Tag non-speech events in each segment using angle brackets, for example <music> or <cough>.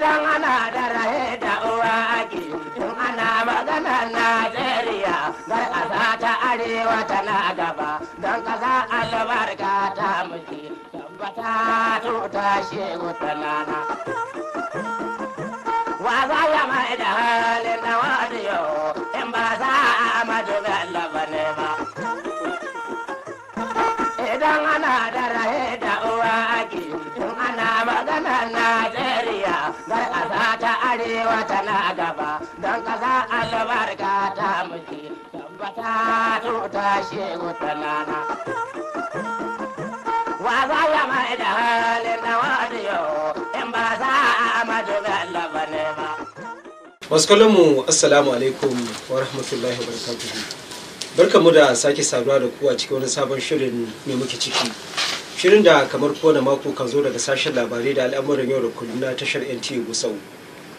idan ana da raye da uwa ake in ana magana Najeriya zai za ta arewa na gaba don ƙasa albarka ta muke tabbata tuta shegu tanana. Wa za ya mai da halin na wadiyo in ba za a amadu Bello ba ne ba. Idan ana da raye da uwa ake in ana magana Najeriya don ƙasa ta arewa tana gaba don ƙasa albarka ta muke tabbata tuta shegu tanana wa za ya mai da halin na wadiyo in ba za a amadu galla ba ne ba wasu kallonmu assalamu alaikum wa rahmatullahi wa barakatuhu barkamu da sake saduwa da ku a cikin wani sabon shirin ne muke ciki Shirin da kamar kowane mako kan zo daga sashen labarai da al'amuran yau da kullum na tashar NTA Gusau,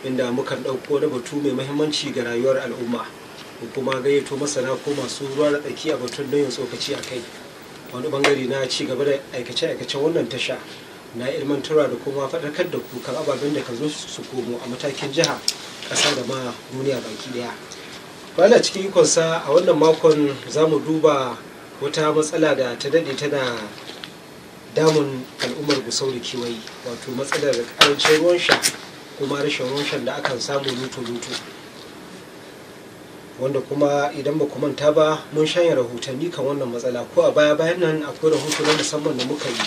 inda mukan ɗauko na batu mai mahimmanci ga rayuwar al'umma, ko kuma gayyato masana ko masu ruwa da tsaki a batun don yin tsokaci a kai. Wani bangare na ci gaba da aikace-aikacen wannan tasha na ilmantarwa da kuma faɗakar da ku kan ababen da ka zo su komo a matakin jiha, ƙasa da ma duniya baki ɗaya. Bala cikin ikonsa a wannan makon za mu duba wata matsala da ta daɗe tana damun al'ummar gusau da wato matsalar karancin ruwan sha kuma rashin ruwan sha da akan samu luto-luto wanda kuma idan ba manta ba mun shanya rahotanni kan wannan matsala ko a baya bayan nan akwai rahoto na musamman da muka yi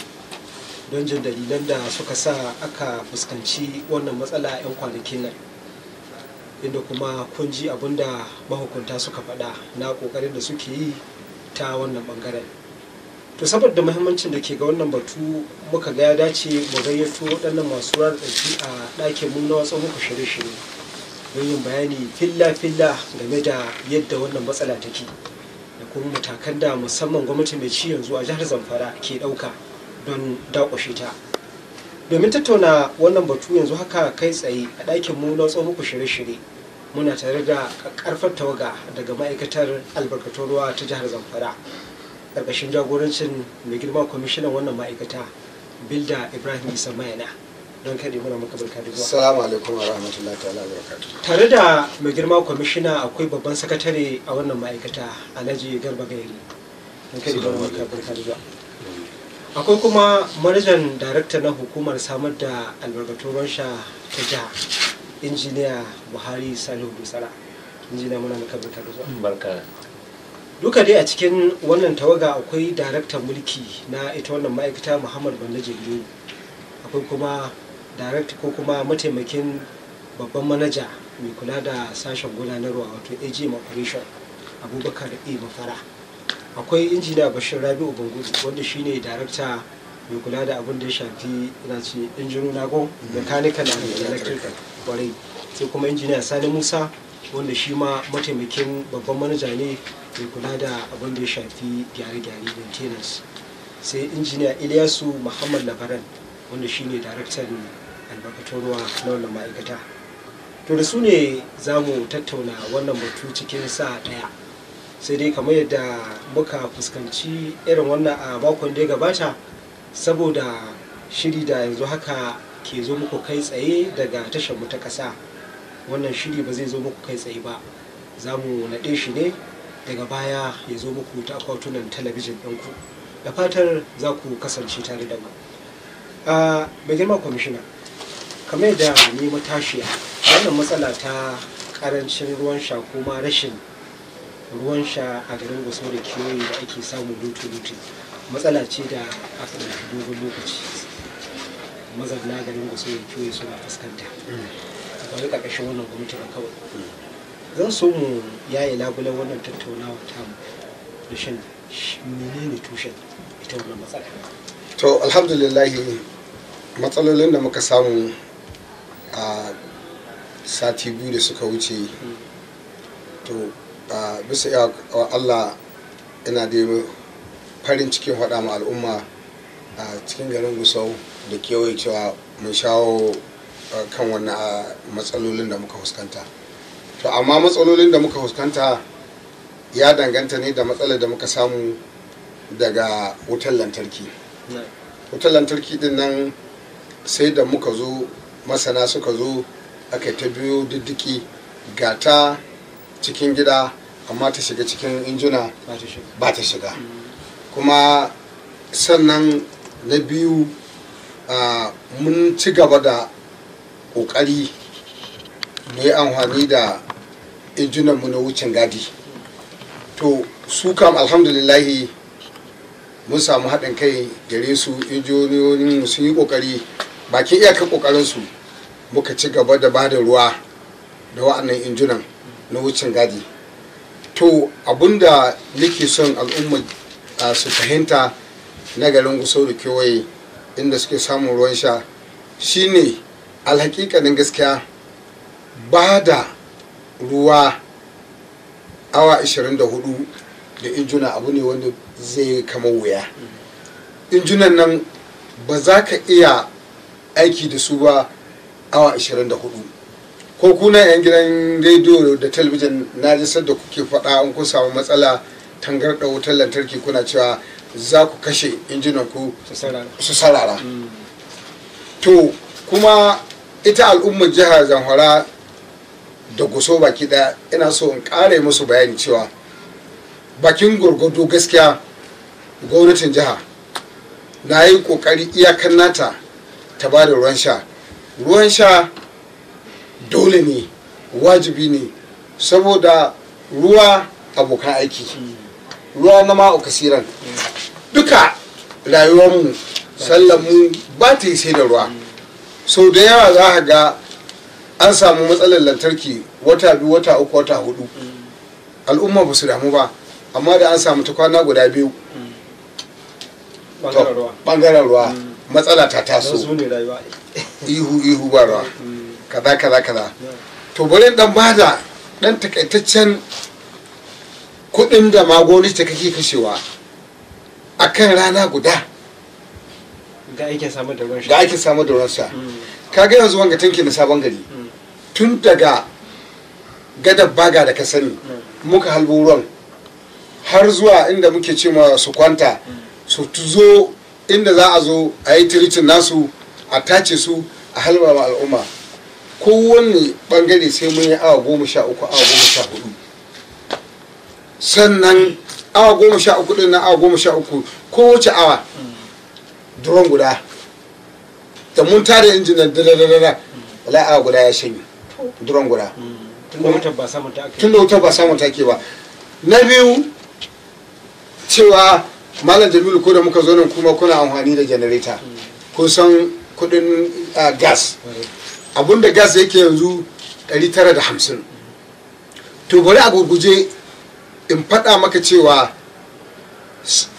don jin dalilan da suka sa aka fuskanci wannan matsala 'yan kwanakin nan inda kuma kun ji abinda mahukunta suka faɗa na kokarin da suke yi ta wannan ɓangaren. to saboda muhimmancin da ke ga wannan batu muka ga ya dace mu gayyato waɗannan masu ruwa da a ɗakin mu na watsa muku shirye-shirye don yin bayani filla-filla game da yadda wannan matsala take da kuma matakan da musamman gwamnati mai ci yanzu a jihar zamfara ke ɗauka don daƙushe ta domin tattauna wannan batu yanzu haka kai tsaye a ɗakin mu na muku shirye-shirye muna tare da ƙarfar tawaga daga ma'aikatar albarkatun ruwa ta jihar zamfara ƙarƙashin jagorancin mai girma kwamishinan wannan ma'aikata bilda ibrahim isa mayana don kaɗe muna maka barka da zuwa salamu alaikum wa rahmatullahi ta'ala wa tare da mai girma kwamishina akwai babban sakatare a wannan ma'aikata alhaji garba gairi don kaɗe muna maka barka da zuwa akwai kuma manajan darakta na hukumar samar da albarkatun ruwan sha ta jiha injiniya buhari salihu dusara injiniya muna maka barka da zuwa duka dai a cikin wannan tawaga akwai daraktan mulki na ita wannan ma'aikata muhammad banda jirgin akwai kuma darakta ko kuma mataimakin babban manaja mai kula da sashen gudanarwa wato AG operation abubakar a mafara akwai injiniya bashir rabi'u bangudi wanda shine darakta mai kula da abin da ya shafi ina ce na go mechanical and electrical kwarai sai kuma injiniya sani musa wanda shi ma mataimakin babban manaja ne mai kula da abin da ya shafi gyare-gyare maintenance sai injiniya iliyasu muhammad labaran wanda shine daraktan albarkatorwa na wannan ma'aikata to da su ne za mu tattauna wannan batu cikin sa daya sai dai kamar yadda muka fuskanci irin wannan a bakon da ya gabata saboda shiri da yanzu haka ke zo muku kai tsaye daga tashar mu ta ƙasa wannan shiri ba zai zo muku kai tsaye ba za mu naɗe shi ne daga baya ya zo muku ta akwatunan talabijin ɗinku da fatar za ku kasance tare da mu mai girma kwamishina kamar yadda ni matashiya wannan matsala ta karancin ruwan sha kuma rashin ruwan sha a garin gusau da kiyoyi da ake samu lutu-lutu matsala ce da aka ɗauki dogon lokaci mazarna garin gusau da kiyoyi suna fuskanta mm. a ƙarƙashin wannan gwamnati kawai mm. zan so mu yaye labulen wannan tattaunawa ta mu rashin menene tushen ita wannan matsala to alhamdulillah matsalolin da muka samu a sati biyu da suka wuce to bisa ya Allah ina da farin cikin faɗa ma al'umma a cikin garin gusau da kewaye cewa mun shawo kan wannan matsalolin da muka fuskanta. to amma matsalolin da muka fuskanta ya danganta ne da matsalar da muka samu daga wutar lantarki wutar lantarki din nan sai da muka zo masana suka zo aka ta biyo diddiki ga ta cikin gida amma ta shiga cikin injuna ba ta shiga kuma sannan na biyu mun ci gaba da ƙoƙari mu yi amfani da mu na wucin gadi to su kam alhamdulillahi mun samu haɗin kai gare su injiniyoyin sun yi ƙoƙari bakin iyakar ƙoƙarinsu muka ci gaba da bada ruwa da wa'annan injunan na wucin gadi to abinda nake son al'umma ah, su fahimta na garin gusau da kewaye inda suke samun ruwan sha shine alhakikanin gaskiya ba da ruwa awa 24 da injuna abu ne wanda zai kama wuya injunan nan ba za ka iya aiki da su ba awa 24 ko kuna 'yan gidan rediyo da talabijin na jisar da kuke faɗa an kun samu matsala Tangar tangarɗa wutar lantarki kuna cewa za ku kashe injunan ku su sarara mm. to kuma ita al'ummar jihar zamfara da guso baki daya ina so in kare musu bayani cewa bakin gurgudu gaskiya gwamnatin jiha na yi kokari iyakan nata ta ba da ruwan sha ruwan sha dole ne wajibi ne saboda ruwa abokan aiki ruwa na ma'aukasiran duka rayuwarmu sallanmu ba ta yi sai da ruwa sau da yawa za a ga an samu matsalar lantarki wata biyu wata uku wata hudu al'umma ba su damu ba amma da an samu ta kwana guda biyu bangaren ruwa mm. matsala ta taso ihu ihu ba ruwa mm. kaza kaza kaza to bari dan bada dan takaitaccen kudin da magoni ta kake kashewa akan rana guda ga ake samu da ruwan sha kaga mm. yanzu wanga tanki na sabon gari tun daga gadar baga da ka sani muka halbo ruwan har zuwa inda muke ce ma su kwanta su zo inda za a zo a yi tiritin nasu a tace su a halba wa al'umma kowanne bangare sai mun yi awa goma sha uku awa goma sha hudu sannan awa goma sha uku din na awa goma sha uku kowace awa duron guda da mun tare injinan da da da da wala awa guda ya shanye duron guda mm. tun da wutar ba samun take ba na biyu cewa malam jamilu ko da muka zo nan kuma kuna amfani da janareta mm. kun san kudin gas abinda gas yake yanzu 950 to bari a gurguje in faɗa maka cewa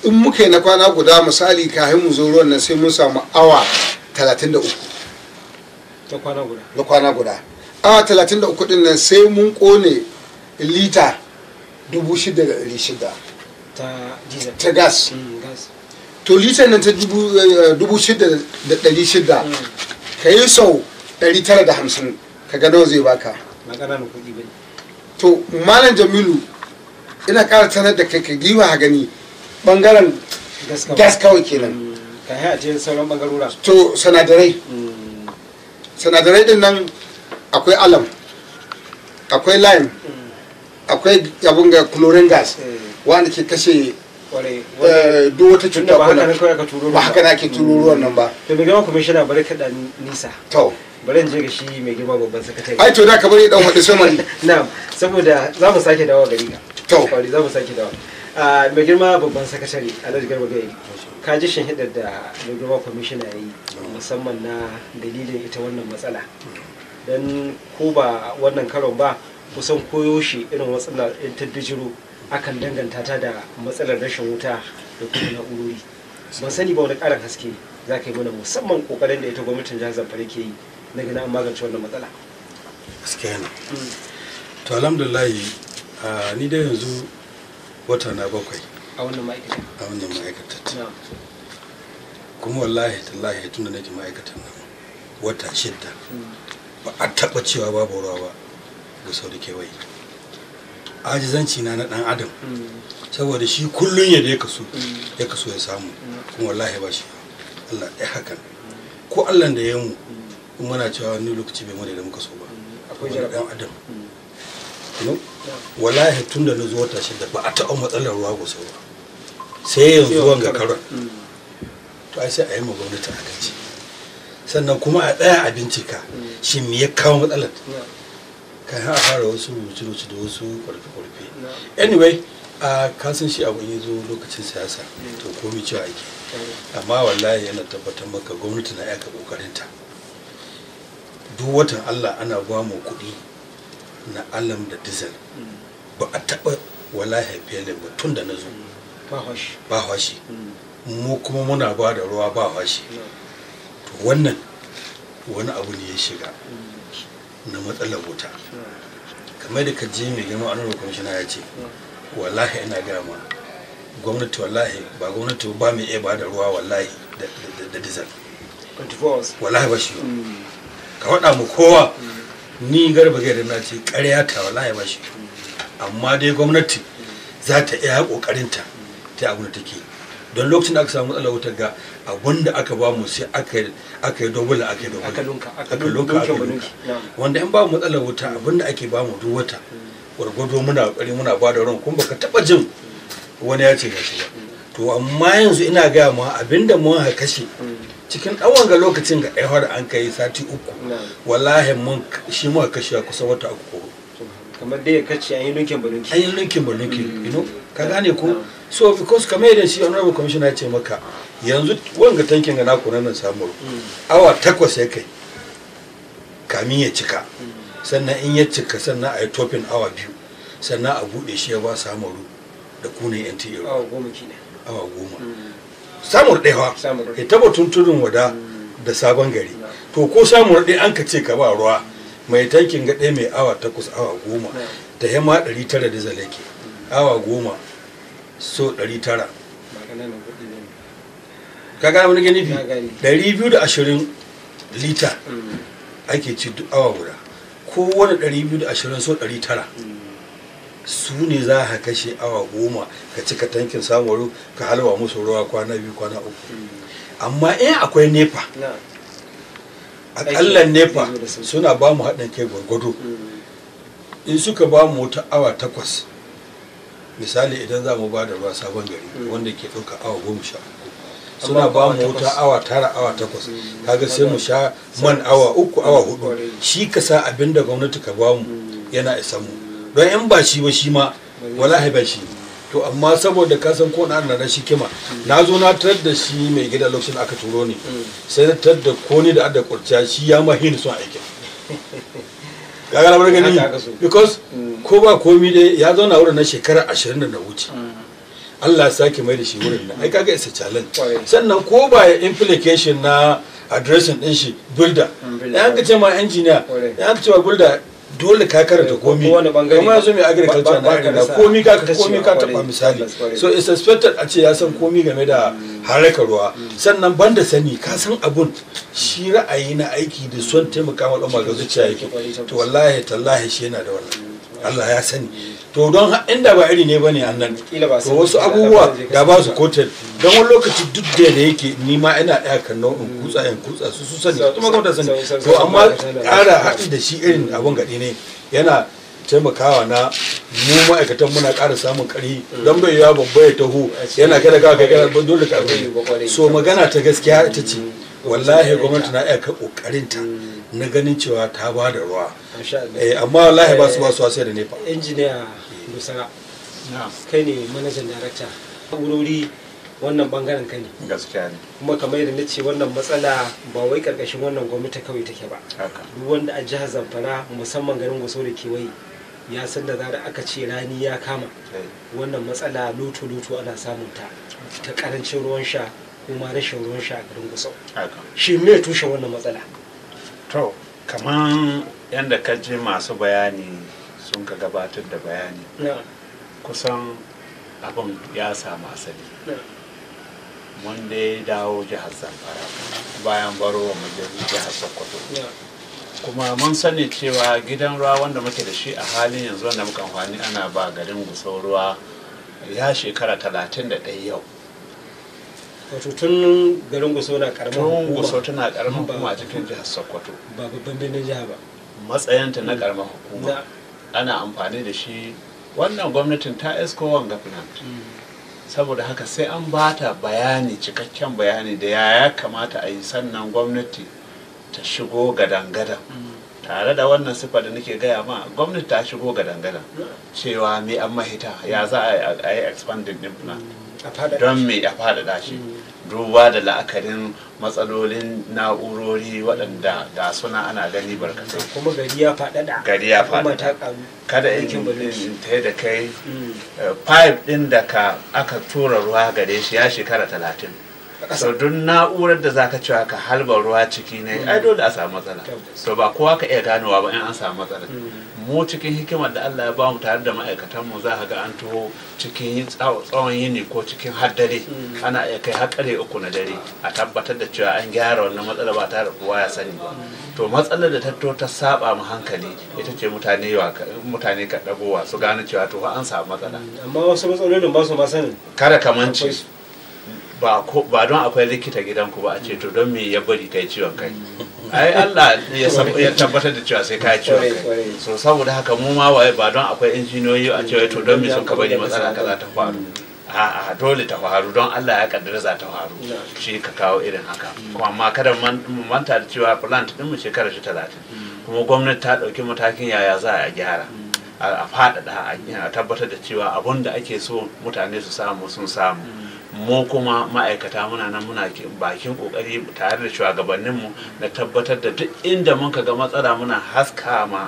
in muka yi na kwana guda misali kafin mu zo ruwan nan sai mun samu awa 33 na kwana guda awa 33 din nan sai mun kone lita 6,600 ta gas mm, to lita nan ta 6,600 eh, mm. ka yi sau 950 ka gano zai baka to malam jamilu ina kara sanar da kai ka giwa ha gani bangaren gas kawai kenan mm, ka yi a cikin sauran bangarora to sanadarai sanadarai din nan akwai alam akwai lime akwai abun ga chlorine gas hmm. wanda ke kashe eh, duk wata cuta ba haka na ke turo ruwan nan ba hmm. to mai gama bari nisa to bari sakatare ai to da ka bari dan <laughs> na'am saboda za za mu sake dawo ah, mai girma babban ka ji shin da mai girma ya yi musamman na dalilin ita wannan matsala don ko ba wannan karon ba kusan koyo shi irin matsalar ta dijiro akan danganta ta da matsalar rashin wuta da kuma na'urori ban sani ba wani karin haske za ka yi mana musamman kokarin da ita gwamnatin jihar zamfara ke yi na gina an magance wannan matsala gaskiya ne to alhamdulillah ni dai yanzu wata na bakwai a wannan ma'aikata a wannan ma'aikata kuma wallahi tallahi tunda nake ma'aikatan nan wata shidda hmm. ba a taɓa cewa babu ruwa ba ga sau da kewaye ajizanci na na ɗan adam saboda shi kullum ya ya kaso ya kaso ya samu kuma wallahi ba shi Allah ɗaya hakan ko Allah da ya mu in muna cewa wani lokaci bai mana da muka so ba akwai ɗan adam hmm. wallahi tun da na zo wata shida ba a taɓa matsalar ruwa gusau ba sai yanzu wanga karon hmm. to ai sai a yi ma gwamnati a gaci sannan kuma a tsaya a bincika shi me ya kawo matsalar kan a fara wasu rubuce-rubuce da wasu kwarfe-kwarfe anyway a kasan shi abu ya zo lokacin siyasa to komi cewa ake amma wallahi yana tabbatar maka gwamnati na yaka kokarinta duk watan allah ana ba mu kuɗi na alam da dizal mm. ba a taɓa wallahi fiye ba tun da na zo mm. ba hashi mm. mu kuma muna ba da ruwa ba hashi wannan wani abu ne ya shiga na matsalar wuta kamar da ka je mai girma a nuna kwamishina ya ce wallahi ina gama gwamnati wallahi ba gwamnati ba mai iya ba da ruwa wallahi da dizal wallahi ba shi ba hmm. ka faɗa mu kowa hmm. ni garba gaira na ce ƙarya ta wallahi ba shi hmm. amma dai gwamnati za ta iya ƙoƙarinta ta abu da take don lokacin da aka samu matsalar wutar ga abun da aka ba mu sai aka yi dogula aka yi dogula aka lunka aka lunka wanda in ba mu matsalar wuta abun da ake ba mu duk wata gwargwado muna kokari muna ba da ran kuma baka taba jin wani ya ce shi ba to amma yanzu ina gaya ma abinda mun ha kashe cikin ɗan ga lokacin ga ɗaya an kai sati uku wallahi mun shi muka kashe kusan wata uku kamar dai kace an yi lunkin ba lunkin an yi lunkin ba lunkin mm. you know ka gane ko so because kamar yadda shi honorable commissioner ya ce maka yanzu wanga tankin ga naku nan samu mm. awa takwas ya kai kamin ya cika mm. sannan in ya cika sannan a yi topin awa biyu sannan a buɗe shi ya ba samu da kunan yan tiyo awa goma kenan awa goma samun ɗaya ya taɓa tuntunin wada da sabon gari to ko samun ɗaya an ka ce ka ba ruwa mai tankin gaɗe mai awa takwas awa goma ta yamma ɗari tara da zalake awa goma so ɗari tara ka gane wani gani ɗari biyu da ashirin lita mm. ake ci duk awa guda kowane ɗari biyu da ashirin so ɗari tara mm. su ne za ka kashe awa goma ka cika tankin samun ka halwa musu ruwa kwana biyu kwana uku mm. amma in akwai nepa. akalla nepa suna ba mu haɗin kai gwargwado in suka ba mu wata awa takwas misali idan za mu ba da ruwa sabon gari wanda ke ɗauka awa goma sha suna ba mu wuta awa tara awa takwas kaga sai mu sha man awa uku awa hudu shi ka sa abin da gwamnati ka ba mu yana isa mu don in ba shi ba shi ma wallahi ba shi to amma saboda ka san ko na na da kima na zo na tarar da shi mai gida lokacin aka turo ni sai na tarar da ko ni da adda kurciya shi ya ma hin son aikin <laughs> ga na gani because mm. ko ba komi dai ya zauna wurin na shekara 20 da na wuce mm. Allah ya sake mai da shi wurin nan ai kaga isa challenge sannan ko ba ya implication na addressing din shi builder mm, ya ka ce ma engineer ya ka ce ma builder dole ka karanta komi kuma yanzu mai agriculture na agriculture komi ka komi ka taba misali so it's expected a ce ya san komi game da harkar ruwa mm. sannan banda sani ka san abun shi ra'ayi na aiki da son taimaka wa al'umma ga zuciya yake to wallahi tallahi shi yana da wannan mm, Allah ya sani mm. to don inda ba iri ne bane annan to wasu abubuwa da ba su kotel don wani lokaci duk da da yake ni ma ina ɗaya kan nau'in kutsa yan kutsa su su sani kuma gwamnati sani to amma ƙara haɗi da shi irin abun gaɗi ne yana taimakawa na mu ma'aikatan muna ƙara samun ƙari don bai yawa babba ya taho yana kada kawai kai kana dole ka so magana ta gaskiya ita ce wallahi gwamnati na iya ta na ganin cewa ta ba da ruwa eh, amma wallahi ba su ba su wasu da nefa injiniya dusara kai ne manajan darakta wurori wannan bangaren kai ne gaskiya ne kuma kamar yadda nace wannan matsala ba wai karkashin wannan gwamnati kawai take ba duk wanda a jihar zamfara musamman garin gwaso da ke kewaye ya san da zara aka ce rani ya kama wannan matsala lutu-lutu ana samun ta ta karancin ruwan sha kuma rashin ruwan sha a garin gusau shi me tushe wannan matsala to kaman yadda ka je masu bayani sun ka gabatar da bayani kusan abin ya samu asali wanda ya dawo jihar zamfara bayan baro wa majalisa jihar sokoto kuma mun sani cewa gidan ruwa wanda muke da shi a halin yanzu wanda muka amfani ana ba garin gusau ruwa ya shekara talatin da ɗaya yau wato tun garin gusau na karamin hukuma gusau tana karamin hukuma a cikin jihar sokoto ba babban birnin jiha ba matsayanta na karamin hukuma ana amfani da shi wannan gwamnatin ta esko wanga gafinan mm. saboda haka sai an ba ta bayani cikakken bayani da ya ya kamata a yi sannan gwamnati ta shigo gadangada mm. tare da wannan sifa da nake gaya ma gwamnati ta shigo gadangada cewa me an mahita ya za a yi expanding din plan mm. don me a fara shi duba da la'akarin matsalolin na'urori waɗanda da suna ana gani barkatai kuma gari ya faɗaɗa gari ya faɗaɗa kada in ta da kai mm. eh, pipe ɗin da ka aka tura ruwa gare shi ya shekara talatin sau duk na'urar da zaka cewa ka halba ruwa ciki ne ai mm. dole a samu matsala to ba kowa ka iya ganowa ba in an samu matsala mm. mu cikin hikimar da Allah ya ba mu tare da ma'aikatan mu za ka ga an taho cikin tsawon yini ko cikin haddare hmm. ana iya kai har uku na dare a tabbatar da cewa an gyara wannan matsala ba tare da kowa ya sani ba to matsalar da tatto ta saba mu hankali ita ce mutane mutane ka dagowa su gane cewa to an samu matsala hmm. amma wasu matsalolin ba su ma sani kada kamanci ba don akwai likita gidanku ba a ce to don me ya bari kai ciwon kai hmm. ai Allah ya tabbatar da cewa sai ka ciwo so saboda haka mu ma waye ba don akwai injiniyoyi a cewa to don me sun kaba bari matsala kaza ta faru a'a dole ta faru don Allah ya kaddara za ta faru shi ka kawo irin haka kuma amma kada mu manta da cewa plant din mu shekara shi 30 mm. kuma gwamnati ta dauki matakin yaya za a gyara mm. a faɗaɗa a tabbatar da cewa abun da ake so mutane su samu sun samu mm. mu kuma ma'aikata muna nan muna bakin kokari tare da shugabanninmu na tabbatar da duk inda mun ga matsala muna haska ma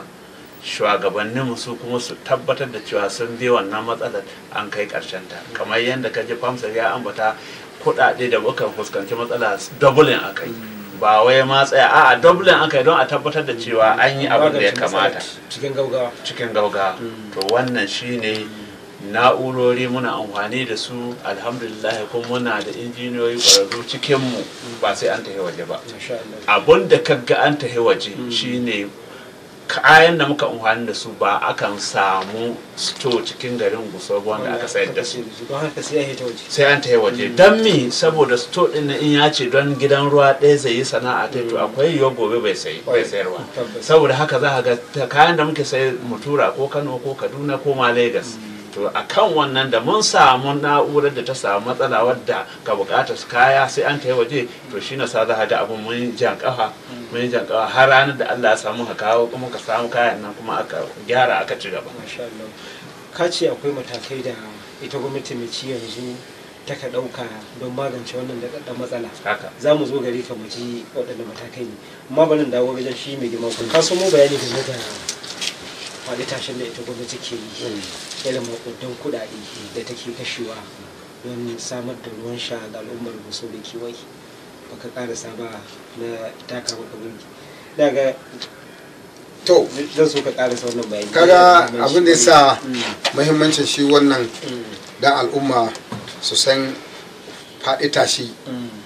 shugabanninmu su kuma su tabbatar da cewa sun bi wannan matsalar an kai karshen ta kamar yadda ka ji famsar ya ambata kuɗaɗe da muka fuskanci matsala dublin a kai ba wai ma tsaya a dublin aka kai don a tabbatar da cewa an yi abin da ya kamata cikin gaugawa cikin gaugawa mm. to wannan shine na'urori muna amfani da su alhamdulillah kuma muna da injiniyoyi ƙwararru cikinmu ba sai an tafi waje ba abun da kaga an tafi waje mm. shine kayan da muka amfani da su ba akan samu sto cikin garin guso wanda aka sayar da su sai an tafi waje mm. don me saboda sto din in ya ce don gidan ruwa ɗaya zai yi sana'a ta to mm. akwai yiwuwa gobe bai sayarwa saboda haka za ka ga kayan da muke sayar mutura ko kano ko kaduna ko ma lagos to a kan wannan da mun samu na'urar da ta samu matsala wadda ka bukata kaya sai an ta yi waje to shi na sa za ga abin mun jan kafa mun jan kafa har ranar da Allah ya samu ka kawo kuma ka samu kayan nan kuma aka gyara aka ci gaba ka ce akwai matakai da ita gwamnati mai ci yanzu ta ka ɗauka don magance wannan da matsala za mu zo gari ka mu ji waɗanda matakai ne amma barin dawo wajen shi mai girman kun ka samo bayani game da wani tashin da ita gwamnati ke yi hmm. irin makudan kudade da take kashewa don samar da ruwan sha ga al'ummar musu da kewaye baka karasa ba na taka maka gungi daga to zan so ka karasa wannan bayani kaga abin da yasa muhimmancin hmm. shi wannan hmm. dan al'umma su san faɗi tashi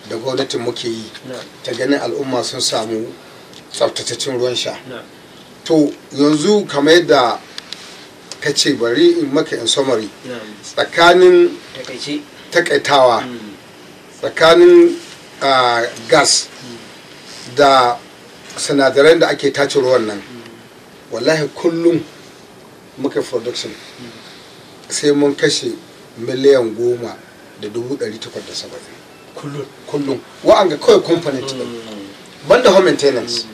da gwamnatin muke yi ta ganin al'umma sun samu tsaftataccen ruwan sha to yanzu kamar yadda ka ce bari in maka in summary tsakanin takaitawa mm. tsakanin ah, gas da sinadaran da ake tace ruwan nan mm. wallahi kullum muka production mm. sai mun kashe miliyan goma da dubu ɗari takwas da saba'in kullum wa'anga kawai component ɗin banda home maintenance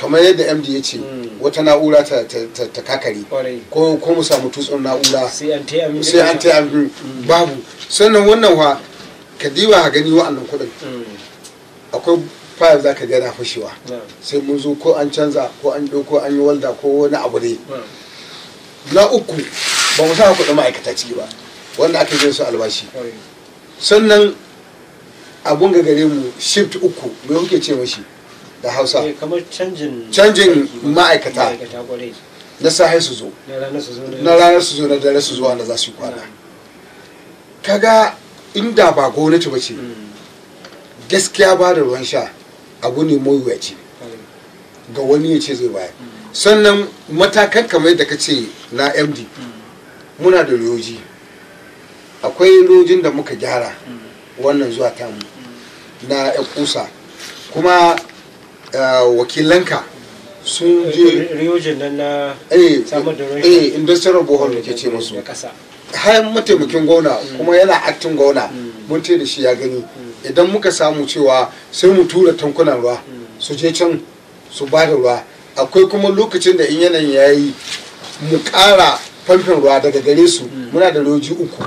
kamar yadda md ya ce hmm. wata na'ura ta kakari ko mu samu tutsun na'ura sai an ta yi hmm. babu sannan wannan wa ka diba a gani wa'annan kuɗin hmm. akwai fayar za ka fashewa sai mun zo ko an canza ko an ko an yi walda ko wani abu ne na uku ba mu sa kuɗin ma'aikata ciki ba wanda aka yi su albashi sannan abun ga gare mu shift uku mai muke ce mashi da hausa eh, canjin ma'aikata na sahi su zo na ranar su zo na dare su zuwa na za su kwana kaga inda ba gwamnati ba ce hmm. gaskiya ba da ruwan sha abu ne mawuyaci ga wani ya ce zai baya hmm. sannan matakan kamar da ka ce na md hmm. muna da riyoji akwai rojin da muka gyara wannan zuwa tamu na 'yan kusa kuma Eh, wakilanka sun eh, je riyojin nan na eh, samar da eh industrial ke ce musu hayan mataimakin gona mm. kuma yana aktin gona mm. mun da shi ya gani mm. idan muka samu cewa sai mu tura tankunan ruwa su je can su ba da ruwa akwai kuma lokacin da in yanayin ya yi mu ƙara famfin ruwa daga gare su muna da roji uku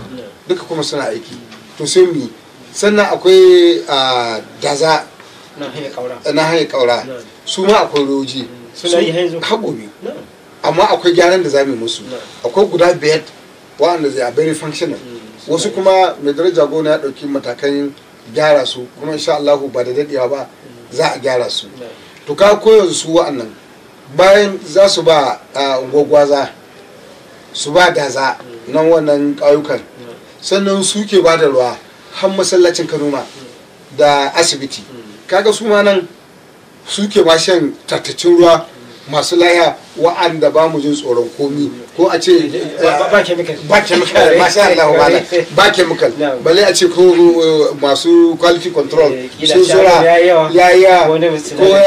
duka kuma suna aiki to sai mu sannan akwai ah, daza na hanyar kaura su ma akwai roji su hagobi amma akwai gyaran da za mu musu akwai guda biyar wa'anda zai a very functional mm. wasu kuma mai daraja gona ya ɗauki matakan gyara su kuma insha Allah ba da daɗewa ba mm. za a gyara su to ka koyo su wa'annan bayan za su ba gwagwaza su ba daza mm. nan wannan ƙauyukan sannan su ke ba ruwa har masallacin kanuma da asibiti kaga su ma nan suke ma shan tattacin ruwa masu laya wa'anda ba mu jin tsoron komi ko a ce eh, ba chemical masha Allah ba ba chemical <laughs> bale a ce ko eh, masu quality control su zura ya ko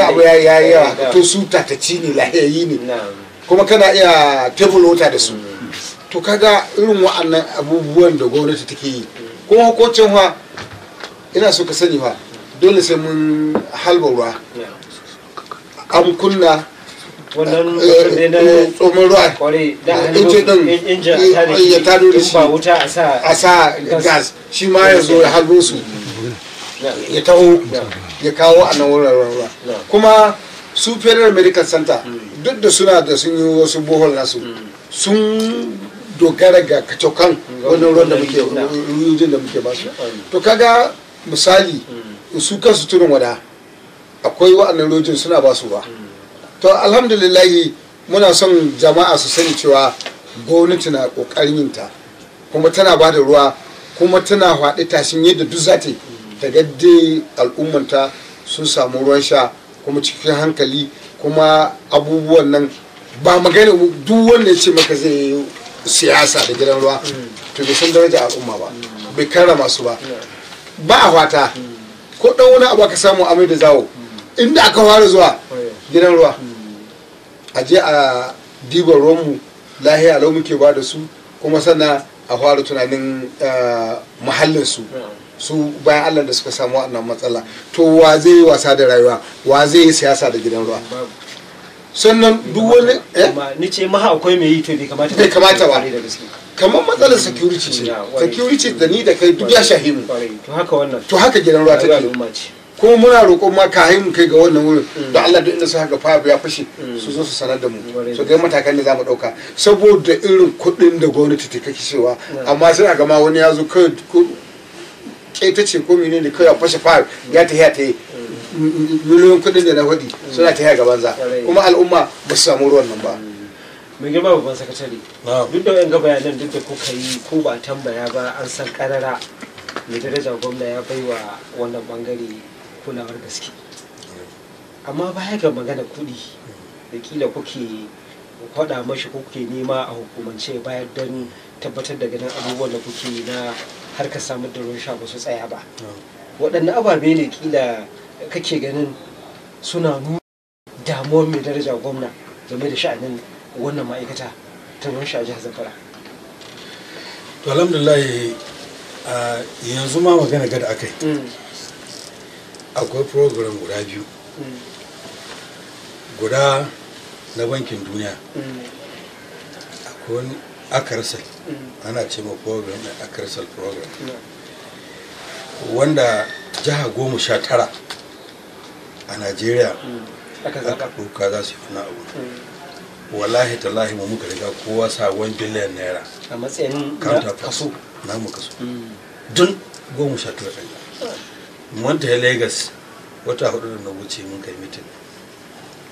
abu ya to su tattaci ne layayi ne kuma kana iya table water da su mm. to kaga irin wa'annan abubuwan da gwamnati take yi kuma hukuncin fa ina so ka sani ba dole sai mun halba ruwa an kunna wannan eh, eh, tsohon ruwa eh, injin din ya tado da shi a sa gas shi ma ya zo ya halbo su ya taho ya kawo a nan wurin ruwa kuma su federal medical center duk da suna da sun yi wasu bohol nasu sun dogara ga kacokan wannan ruwan da muke ba su to kaga misali hmm. su kansu tudun wada akwai wa'annan rojin suna ba su ba to alhamdulillah muna son jama'a su sani cewa gwamnati na kokarin yinta, kuma tana ba da ruwa kuma tana haɗe tashin yadda duk zata ta gaddi gadde al'ummanta sun samu ruwan sha kuma cikin hankali kuma abubuwan nan ba magana duk wanda ya ce maka zai yi siyasa da gidan ruwa to bai san daraja al'umma ba bai karrama su ba ba a fata ko dan wani abu aka samu amai da zawo inda aka fara zuwa gidan ruwa a je a diban ruwanmu lahiya lau muke ba da su kuma sannan a fara tunanin eh, muhallin su su bayan allah da suka samu wannan matsala to wa zai yi wasa da rayuwa wa zai yi siyasa da gidan ruwa sannan duk wani eh ni ce maha akwai mai yi to bai bai kamata ba kamar matsalar security ce security da ni da kai duk ya shahi mu to haka gidan ruwa ta ke kuma muna roƙon ma ka mu kai ga wannan wurin mm. da Allah duk inda su haka fa ya fashe mm. su zo su sanar da mu so ga matakan da zamu dauka saboda irin kuɗin da gwamnati ta kake cewa mm. amma suna ga ma wani ya zo kai keta ce ko mene ne kai ya fashe fa ya ta ya ta yi miliyoyin kuɗin da na faɗi suna ta ya gaban za kuma al'umma ba su samu ruwan nan ba mai girma babban sakatare duk da wayan bayanan duk da kuka yi ko ba tambaya ba an san karara mai daraja gwamna ya bai wa wannan bangare kulawar gaske amma baya ga magana kuɗi da kila kuke faɗa mashi kuke nema a hukumance bayan don tabbatar da ganin abubuwan da kuke na harkar samar da ruwan sha ba su tsaya ba waɗanne ababe ne kila kake ganin suna nuna damuwar mai daraja gwamna game da sha'anin wannan ma'aikata ta ruwan shi a jihar zamfara to alhamdulillah yanzu ma magana gada aka yi mm. akwai program guda biyu mm. guda na bankin duniya mm. akwai akarsal ana ce ma program na akarsal program wanda jiha goma sha tara a najeriya aka ɗauka za su yi wani abu wallahi tallahi mu muka riga kowa sa 1 biliyan naira a matsayin kaso namu kaso mm. dun goma sha tara ɗaya wanda ya lagos wata hudu da na wuce mun kai mitin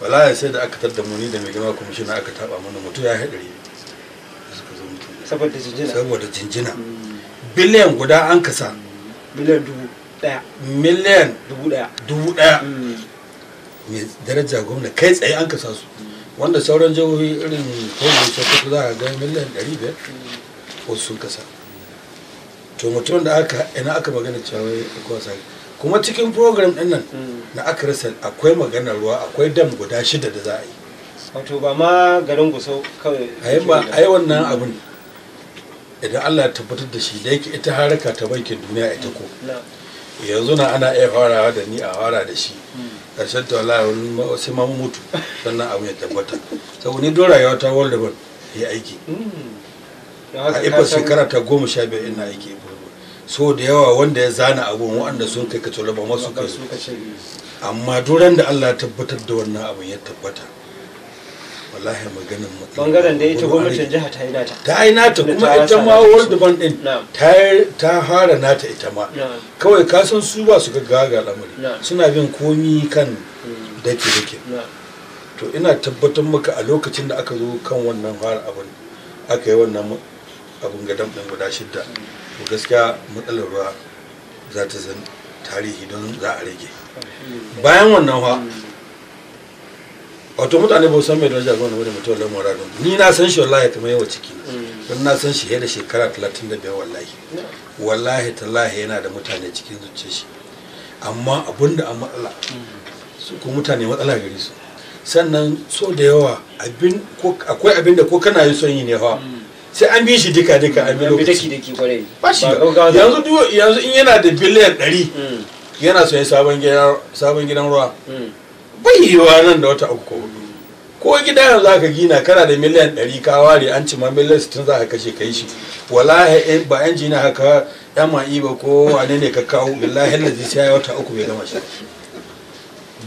wallahi sai da aka tadda muni da mai gama kwamishina aka taba mana mutu ya haɗari saboda jinjina saboda jinjina mm. biliyan guda an kasa miliyan mm. dubu ɗaya miliyan dubu ɗaya dubu ɗaya mai daraja gwamna kai tsaye an kasa su wanda sauran jihohi irin ta kusa za a ga miliyan 500 ko sun kasa to mutum da aka ina aka magana cewa akwai wasa kuma cikin program din nan hmm. na aka rasa akwai magana ruwa akwai dam guda shida da za a yi wato ba ma garin gusau kawai a yi ba a yi wannan abin idan allah ya tabbatar da shi da yake ita haraka ta bankin duniya ita ko hmm. yanzu na ana iya farawa da ni a fara da shi hmm. karshen ta wala wani sai ma mutu sannan abu ya tabbata saboda ni don rayuwa ta world ban ya aiki hmm. a ifa shekara ta goma sha biyar ina aiki so da yawa wanda ya zana abun waɗanda sun kai ka tsola ba masu kai amma duran da Allah ya tabbatar da wannan abun ya tabbata wallahi maganin mutum bangaren da ce gwamnatin jiha ta yi nata ta yi nata kuma ita ma world bank din ta hara nata ita ma kawai kasan su ba su gaggaga al'amari suna bin komi kan hmm. dake dake to ina tabbatar maka a lokacin da aka zo kan wannan fara abin aka yi wannan abin gadon din guda shidda to gaskiya matsalar ruwa za ta zan tarihi don za a rage bayan wannan fa hmm. wato mutane ba san mai daraja gwamna wani mutum lai muradun ni na san shi wallahi kamar yawa ciki mm. don na san shi da shekara 35 wallahi wallahi tallahi yana da mutane cikin zuciya shi amma da an matsala mm. su ko mutane matsala gare su sannan so da yawa akwai abin da ko kana yi son yi ne fa mm. sai an bi shi duka duka a bi lokaci ba shi yanzu in yana da biliyan 100 yana son sabon gidan ruwa bai yiwa nan da wata uku ko gida yanzu aka gina kana da miliyan 100 ka ware an ci ma miliyan 60 za ka kashe kai shi wallahi eh, ba injina haka yan ma'i ba ko wane ne ka kawo billahi lazi sai wata uku bai gama shi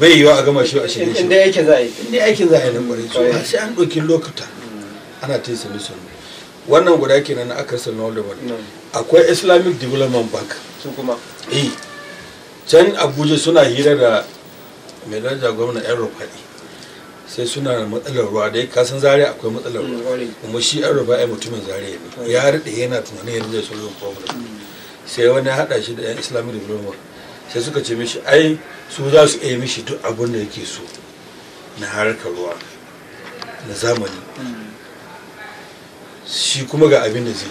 bai yiwa a gama shi a shirye shi inda yake za yi inda yake zai a yi nan so sai an ɗauki lokuta ana ta yi solution wannan guda kenan na akasar na wani akwai islamic development bank su kuma eh can abuja suna hira da mai daraja gwamna yan rufaɗi sai suna da matsalar ruwa dai ya kasan zare akwai matsalar ruwa mm, kuma shi yan rufa'i mutumin zare ne ya rade yana tunanin yanzu zai solve kwamfani mm. sai wani ya haɗa shi da yan islamic development sai suka ce mishi ai su za su iya mishi duk abin da yake so na harkar ruwa na zamani mm. shi kuma ga abin da zai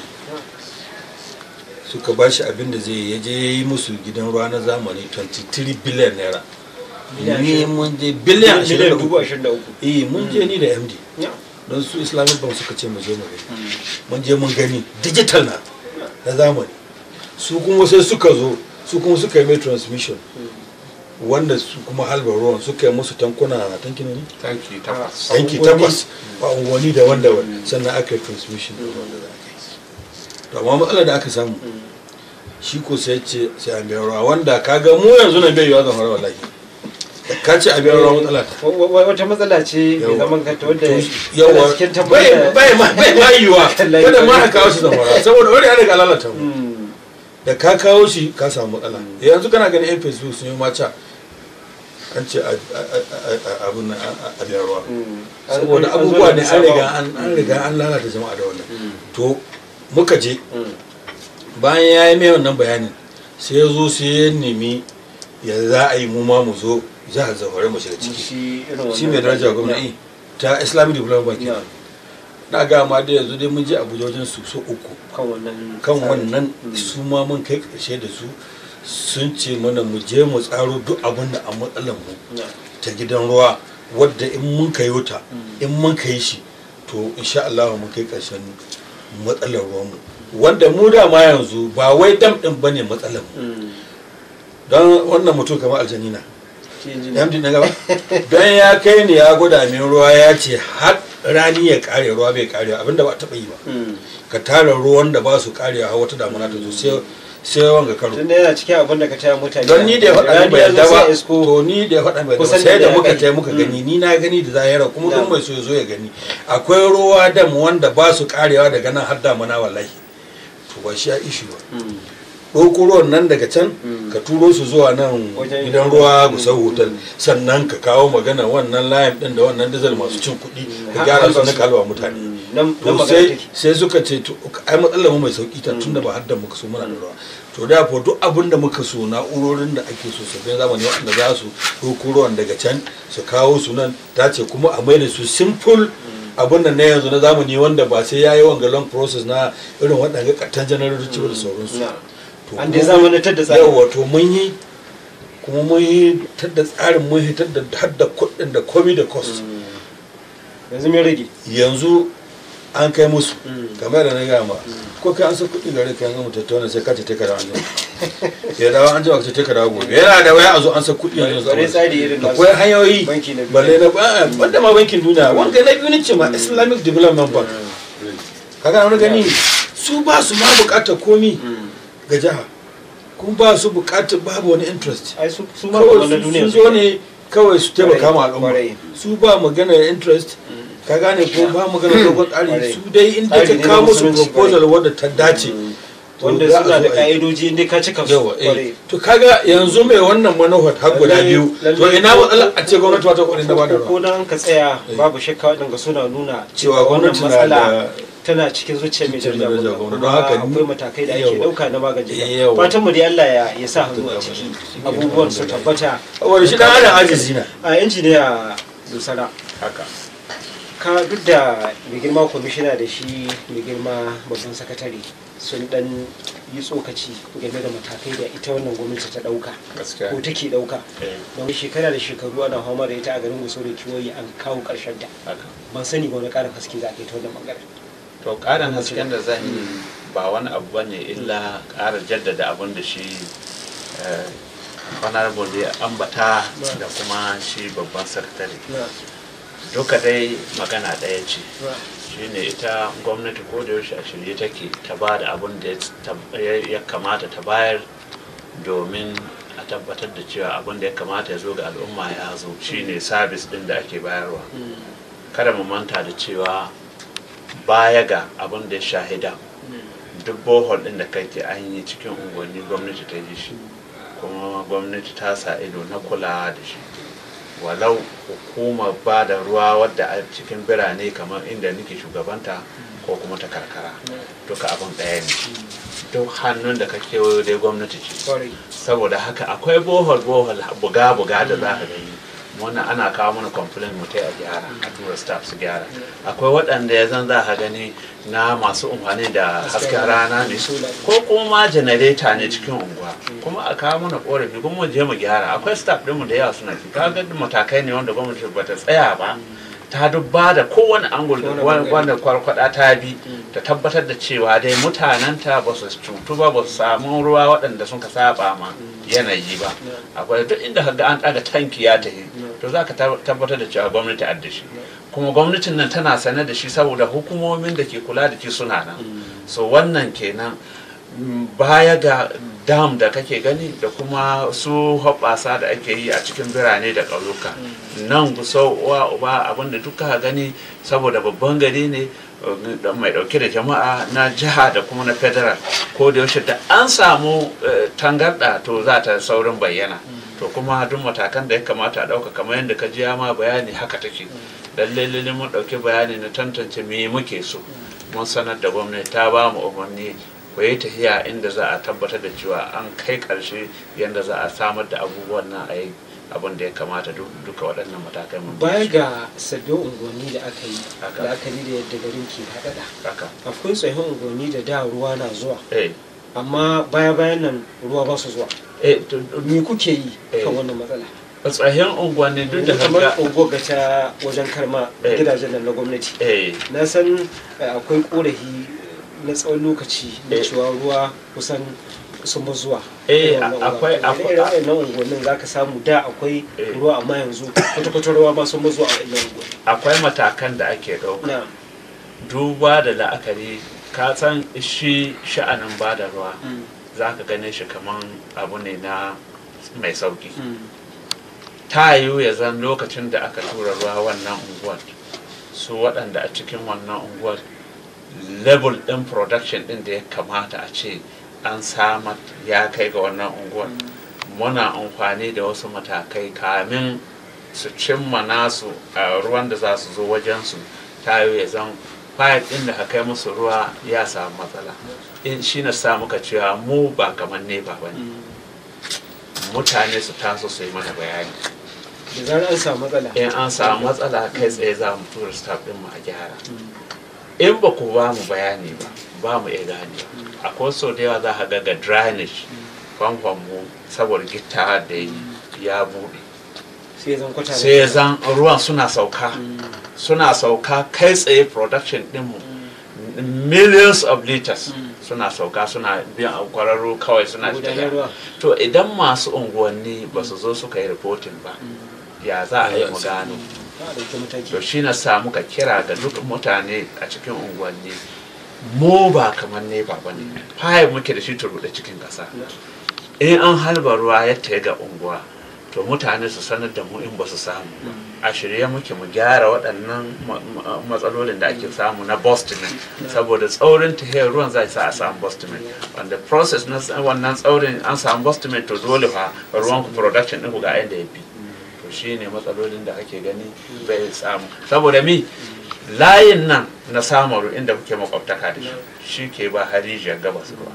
suka ba shi abin da zai yaje ya yi musu gidan ruwa na zamani 23 biliyan naira ne mun je biliyan 23 eh mun je ni da md don su islamic bank suka ce mu je mu gani hmm. mun je mun gani digital na na zamani su kuma sai suka zo su kuma suka yi mai transmission hmm. wanda su kuma halbar ruwan suka yi musu tankuna na tanki ne tanki ah, takwas hmm. a unguwanni da wanda sannan aka yi transmission da amma matsalar da aka samu shi ko sai ce sai an biya ruwa wanda kaga mu yanzu na bai yiwa zan fara wallahi ka ce a biyar rawar eh, matsala wata matsala ce mai zaman kanta wanda yawa cikin tambayar bai bai yiwa <laughs> kada ma ka kawo shi fara <laughs> saboda wani an ga lalata mu hmm. da ka kawo shi ka samu matsala hmm. yanzu kana ganin yan facebook sun yi mata an ce abin a biyar ruwa hmm. saboda abubuwa ne an riga an lalata jama'a da wannan to muka je bayan ya yi mai wannan bayanin sai ya zo sai ya nemi ya za a yi mu ma mu zo jihar zamfara mu shiga ciki shi mai daraja gwamnati e, ta islamic development bank na ga ma da yanzu dai mun je abuja wajen su so uku kan wannan hmm. su ma mun kai karshe da su sun ce mana mu je mu tsaro duk abin da a matsalar mu ta gidan ruwa wadda in mun ta hmm. in mun kai shi to insha Allah mun kai karshen matsalar ruwan mu wanda mu da ma yanzu ba wai dam din bane matsalar mu hmm. don wannan mutum kamar aljanina <laughs> don ya kai ni ya gwada min ruwa ya ce har rani ya kare ruwa bai kare abinda ba taɓa yi ba hmm. ka tara ruwan da ba su kare a wata damuna ta zo sai wanga karo tunda yana cikin abin da ka taya mutane don ni da ya faɗa bai yarda ba to ni da ya faɗa bai yarda sai da muka taya muka gani ni na gani da zahira kuma duk mai so ya zo ya gani akwai ruwa dam wanda ba su karewa daga nan har damuna wallahi to ba shi ya ishi ba hmm. ɗauko ruwan nan daga can hmm. ka turo su zuwa nan gidan ruwa gusa hotel sannan ka kawo magana wannan layin ɗin da wannan dizel masu cin kuɗi ka gyara su na kalwa mutane hmm. sai suka ce to ai matsalar mu mai sauki ta hmm. tunda ba haddan muka so muna da ruwa to da fa duk abin da muka so na'urorin da ake so su sabbin zamani wanda za su ɗauko ruwan daga can su kawo su nan ta ce kuma a mai su simple abun nan na yanzu na zamani wanda ba sai ya yi long process na irin waɗanda katan janarar da sauransu an dai zamanantar da tsarin yawa to mun yi kuma mun yi tsarin mun har da kuɗin da komi da cost mm. yanzu mai rage yanzu an kai musu mm. kamar da na gaya ma mm. ko kai an sa kuɗi gare ka yanzu tattauna sai ka ta take da <laughs> ya dawo an ka ta take da gobe yana da waya a zo an sa kuɗi yanzu tsari irin nasu akwai hanyoyi balle na banda ma bankin duniya wanda na biyu ce ma Islamic Development Bank kaga wani gani su ba su ma bukatar komi ga jiha kun ba su bukatar babu wani interest sun zo ne kawai su taimaka ma al'umma su ba magana interest ka gane ko ba magana dogon tsari su dai inda ka kawo musu proposal wadda ta dace mm. wanda suna da ka'idoji inda ka cika su eh. to kaga yanzu mai wannan manufar har guda biyu to ina matsala a ce gwamnati ta kwarin da ba da ko nan ka tsaya eh. babu shakka waɗanda suna nuna cewa wannan matsala tana cikin zuciyar mai jirgin gwamna akwai matakai da ake dauka na magance fatan mu da Allah ya ya sa hannu a ciki abubuwan su tabbata wani shi dan ana ajizi na a injiniya dusara haka ka duk da mai girma kwamishina da shi mai girma babban sakatare sun dan yi tsokaci game da matakai da ita wannan gwamnati ta dauka ko take dauka eh. don shekara da shekaru ana hama da ita a garin gusau da kiwoyi an kawo karshen ta ban sani ba wani kara haske za a kai ta wannan bangaren to ƙarin hasken da zan yi ba wani abu ba ne illa ƙara jaddada abin da shi eh, honorable ya ambata da kuma shi babban sakatare duka dai magana ɗaya ce shine ita gwamnati ko da yaushe a shirye take ta ba da abin da ya kamata ta bayar domin a tabbatar da cewa abin da ya kamata ya zo ga al'umma ya zo shine sabis ɗin da ake bayarwa kada mu manta da cewa baya ga abin da ya shahida hmm. duk bohol din da kake an yi cikin unguwanni gwamnati ta yi shi kuma gwamnati ta sa ido na kula da shi walau hukumar ba da ruwa wadda a cikin birane kamar inda nake shugabanta ko kuma ta karkara hmm. duka abin ɗaya ne hmm. duk hannun da ka kewayo dai gwamnati ce saboda haka akwai bohol bohol buga buga da za ka gani wannan ana kawo mana complain mu a gyara a tura staff su gyara akwai waɗanda ya zanza za ka gani na masu umarni da hasken rana ne ko kuma janareta ne cikin unguwa kuma a kawo mana korafi kuma muje je mu gyara akwai staff ɗinmu da yawa suna ci kaga matakai ne wanda gwamnati ba ta tsaya ba ta dubba da kowane angul wanda kwarkwada ta bi ta tabbatar da cewa dai mutanen ta ba su cutu ba ba su samu ruwa waɗanda sun ka saba ma yanayi ba akwai duk inda ka ga an ɗaga tanki ya tafi to za ka tabbatar da cewa gwamnati adda shi kuma gwamnatin nan tana sane da shi saboda hukumomin da ke kula da ke suna nan mm. so wannan kenan baya ga dam da kake gani da kuma su hoɓasa da ake yi a cikin birane da ƙauyuka mm. nan gusau uwa uba da duka gani saboda babban gari ne eh, mai ɗauke da jama'a na jiha da kuma na federal ko da yaushe da an samu eh, tangarɗa to za ta saurin bayyana mm. to kuma duk matakan da ya kamata a ɗauka kamar yadda ka ji ma bayani haka take lallai lallai mun ɗauki bayani na tantance me muke so mun sanar da gwamnati ta ba mu umarni ku yi tafiya inda za a tabbatar da cewa an kai ƙarshe yadda za a samar da abubuwan nan a yi abin da ya kamata duka waɗannan matakai mun baya ga sabbin unguwanni da aka yi da aka yi da yadda garin ke haɗaɗa akwai tsohon unguwanni da da ruwa na zuwa eh. amma baya bayan nan ruwa ba su zuwa eh, me kuke yi eh. kan wannan matsala a tsayen unguwanni duk da hanga eh, kamar unguwa ta wajen karma gidajen nan na gwamnati na san akwai korafi na tsawon lokaci da cewa ruwa kusan sun zuwa eh akwai akwai na unguwannin zaka samu da akwai ruwa amma yanzu kwata-kwata ruwa ma sun zuwa a wannan unguwanni akwai matakan da ake dauka duba da la'akari Kasan san shi sha'anin ba da ruwa mm. za ka gane shi kamar abu ne na mai sauki mm. ta yiwu ya zan lokacin da aka tura ruwa wannan unguwar su waɗanda a cikin wannan unguwar level ɗin production ɗin da ya kamata a ce an samar ya kai ga wannan unguwar mm. muna amfani da wasu matakai kamin su cimma nasu a ruwan da za su zo wajensu ta yiwu ya zan fayil ɗin da ka kai musu ruwa ya samu matsala in shi na sa muka cewa mu ba kamar ne ba ne mutane su taso su yi mana bayani in an samu matsala kai tsaye za mu tura staff ɗin mu a gyara in ba ku ba mu bayani ba ba mu iya gane akwai sau da yawa za ka ga ga drainage famfon mu saboda gitta da ya buɗe sai ya zan ruwan suna sauka suna sauka kai tsaye production dinmu millions of liters suna sauka suna biyan kwararru kawai suna shiga to idan masu unguwanni ba su zo suka yi reporting ba ya za a yi mu gano to shi na sa muka kira ga duk mutane a cikin unguwanni mu ba kamar ne ba ne fayar muke da shi turu da cikin ƙasa in an halba ruwa ya ga unguwa to mutane su sanar da mu in ba su samu a shirye muke mu gyara waɗannan matsalolin da ake samu na bostimin saboda tsaurin hiyar ruwan zai sa a samu bostimin wanda process na wannan tsaurin an samu bostimin to dole fa ruwan production ɗin ga yadda ya fi to shi ne matsalolin da ake gani bai samu saboda mi layin nan na samaru inda kuke makwabtaka da shi shi ke ba harijiyar gabas ba.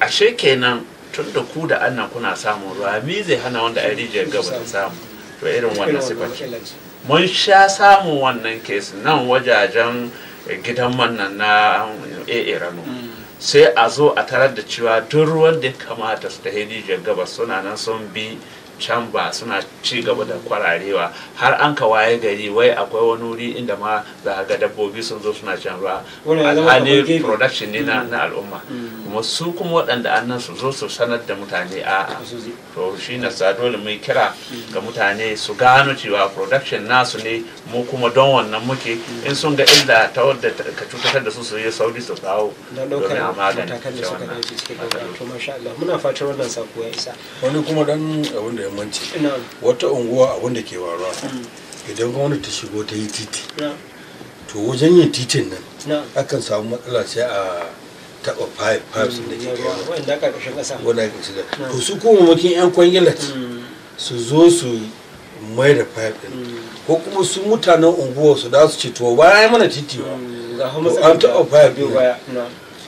ashe kenan tun da ku da annan kuna samun ruwa mi zai hana wanda a rijiyar gaba ta samu to irin wannan sifar mun sha samun wannan kes nan wajajen gidan mannan na AA um, Rano mm. sai a zo a tarar da cewa duk ruwan da ya kamata su ta rijiyar gaba suna nan sun bi can ba suna ci gaba da kwararewa har an ka waye gari wai akwai wani wuri inda ma za ga dabbobi sun zo suna shan ruwa alhali production ne na mm. al'umma mm. kuma su kuma waɗanda an nan su zo su sanar da mutane a to shi na sa dole mai kira mm. ga mutane su gano cewa production nasu ne mu kuma don wannan muke in sun ga illa ta wadda ka cutar da su su yi sauri su kawo domin a magani muna fatar wannan sako ya isa wani kuma dan abin da ya wata unguwa abin da ke waruwa idan gwamnati ta shigo ta yi titi to wajen yin titin nan akan samu matsala sai a taɓa five fives da ke hmm, yawa wanda aka ƙarshen ƙasa wanda aka ƙarshen ƙasa to su kuma makin yan kwangilat hmm. su zo su mai da five din hmm. ko kuma su mutanen unguwar su da su ce to ba mana titi ba an taɓa five ɗin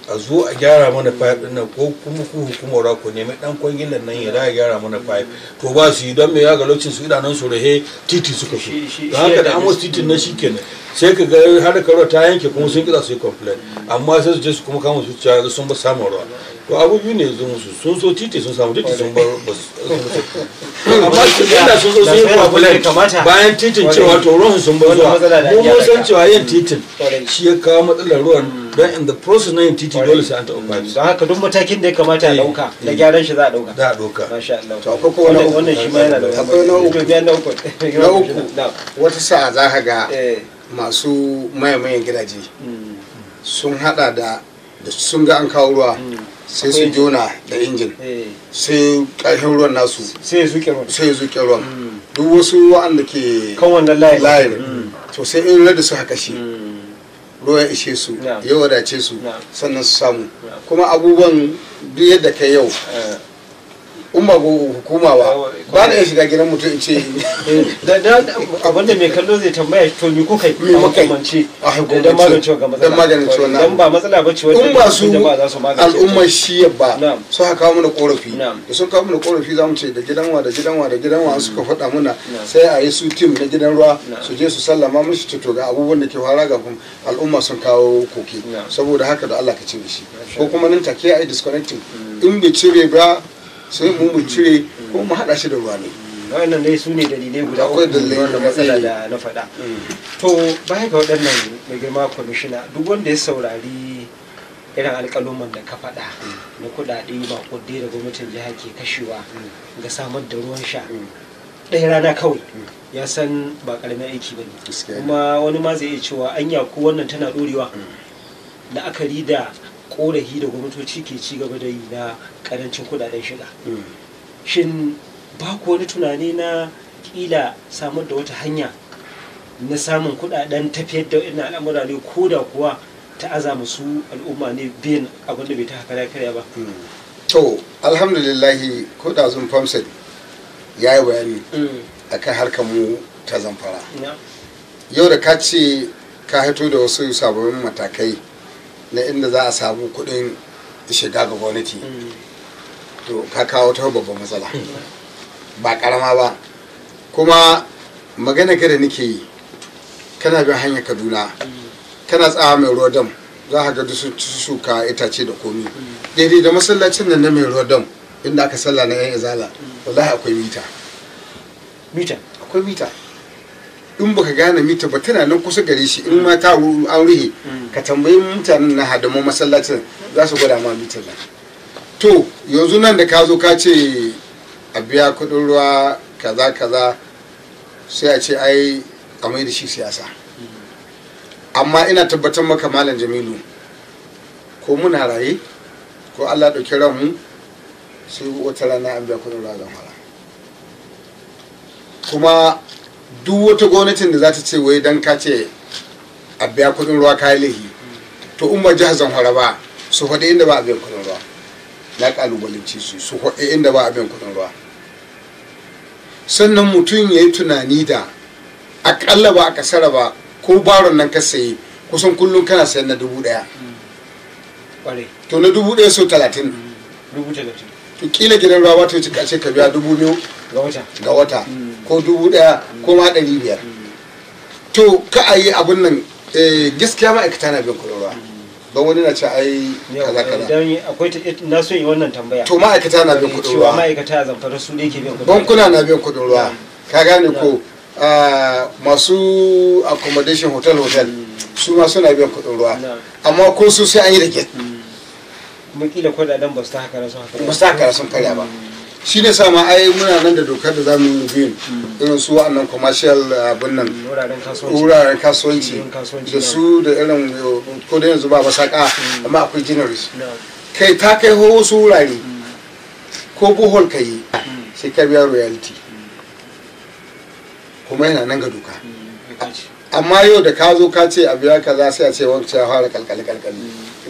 a zo a gyara mana pipe din nan ko kuma ku hukumar ku nemi dan kwangilan nan ya da gyara mana pipe to ba su yi don me ya ga lokacin su idanun su rahe titi suka shi don haka da amos titin na shi kenan sai ka ga har karo ta yanke kuma sun kira su yi complain amma sai su je su kuma kama su cewa sun ba samun ruwa to abu biyu ne zo musu sun so titi sun samu titi sun bar <laughs> amma inda sun so sun yi complain bayan titin cewa to ruwan sun bar zuwa mu mun san cewa yin titin shi ya kawo matsalar ruwan don in the process na yin titi dole sai an taɓa faɗi don haka duk matakin da ya kamata a eh, ɗauka da eh. gyaran shi za a ɗauka za a ɗauka masha Allah to akwai kowa wannan shi ma yana da akwai na uku na uku na uku wata sa'a za ka ga eh. masu mayan gidaje hmm. sun hada da sun ga an kawo ruwa hmm. sai su jona da injin sai ƙarshen ruwan nasu sai zuƙe ruwan hmm. duk wasu wa'anda ke kan wannan layin to sai in rada su haka shi ruwa ishe su ya wadace su sannan su samu kuma abubuwan duk yadda ka yau eh. umma ba hukuma ba ba da shiga gidan mutum in ce da da abinda mai kallo zai tambaya to ni ko kai a makamance da magance ga matsala dan magance wannan dan ba matsala bace wanda da ba su al'umma shi ba su haka kawo mana korafi da sun kawo mana korafi zamu ce da gidanwa da gidanwa da gidanwa suka faɗa muna sai a yi su tim na gidan ruwa su je su sallama mun shi to ga abubuwan da ke fara ga al'umma sun kawo koke saboda haka da Allah ka cire shi ko kuma nan take ai disconnecting mm. in bai cire ba sai mu mu cire ko mu haɗa shi da ruwa ne wannan dai su ne dalilai guda uku wannan matsala da na faɗa mm. to baya ga waɗannan mai girma kwamishina duk wanda ya saurari irin alƙaluman da ka faɗa mm. na kuɗaɗe maƙudde da gwamnatin jiha ke kashewa mm. ga samar da ruwan sha ɗaya rana kawai ya san ba ƙaramin aiki ba ne kuma wani ma zai iya cewa anya ko wannan tana ɗorewa la'akari da korafi da gwamnatoci ke ci gaba da yi na karancin kudaden shiga hmm. shin ba ku wani tunani na kila samar da wata hanya na samun kudaden tafiyar da wani al'amura ne ko da kuwa ta azama su al'umma ne biyan abin da bai ta haka lafiya ba hmm. to alhamdulillahi ko da zun famsa ya yi bayani hmm. A kan harkar mu ta zamfara yau da ka ce ka haito da wasu sababbin matakai na inda za a samu kuɗin shiga ga gwamnati to ka kawo ta babban matsala ba karama ba kuma magana ka da nake yi kana bin hanyar kaduna kana tsawa mai ruwa dam za ka ga su ka itace da komi daidai da masallacin nan na mai ruwa dam inda aka sallah na yan izala wallahi akwai mita mita akwai mita in baka gane mita ba tana nan kusa gare shi in ma ta aure ka tambayi mutanen na hadamu masallacin za su gwada ma mitar nan to yanzu nan da ka zo ka ce a biya kudin ruwa kaza kaza sai a ce ai a mai da shi siyasa amma ina tabbatar maka malam jamilu ko muna raye ko allah ɗauki ranmu sai wata rana an biya kudin ruwa zan fara kuma duk wata gwamnatin da za ta ce wai dan ka ce a biya kudin ruwa ka lahi to in ba jihar zamfara ba su hode inda ba a biyan kudin ruwa na kalubalanci su su hode inda ba a biyan kudin ruwa sannan mutum ya yi tunani da akalla ba a kasara ba ko baron nan ka sayi kusan kullum kana sayan na dubu ɗaya to na dubu ɗaya so mm. talatin to kila gidan ruwa ba ta wuce ƙarshe ka biya dubu biyu ga wata ko dubu ɗaya koma ma ɗari biyar to ka a yi abin nan eh, gaskiya ma'aikata na bin kuɗin ruwa don wani na ce yi kaza eh, kaza akwai ta eh, na so yi wannan tambaya to ma'aikata na bin kuɗin ruwa ma'aikata zamfara su ne ke bin kuɗin bankuna na bin kuɗin ruwa ka gane ko ah, masu accommodation hotel hotel mm. su ma suna biyan kuɗin ruwa amma ko su sai an yi mm. da gate mun kila kuɗaɗen ba su ta haka sun haka ba su ta haka sun karya ba mm. shi ne sama ai muna nan da dokar da zamu yi biyu irin su wa'annan commercial eh, abin nan wuraren kasuwanci da su da irin ko da yanzu ba basaka hmm. amma akwai generous kai ta kai ho wasu wurare hmm. ko buhol ka yi hmm. sai ka biya royalty kuma yana nan ga doka amma yau da ka zo ka ce a biya kaza sai a ce wancan ya fara kalkali kalkali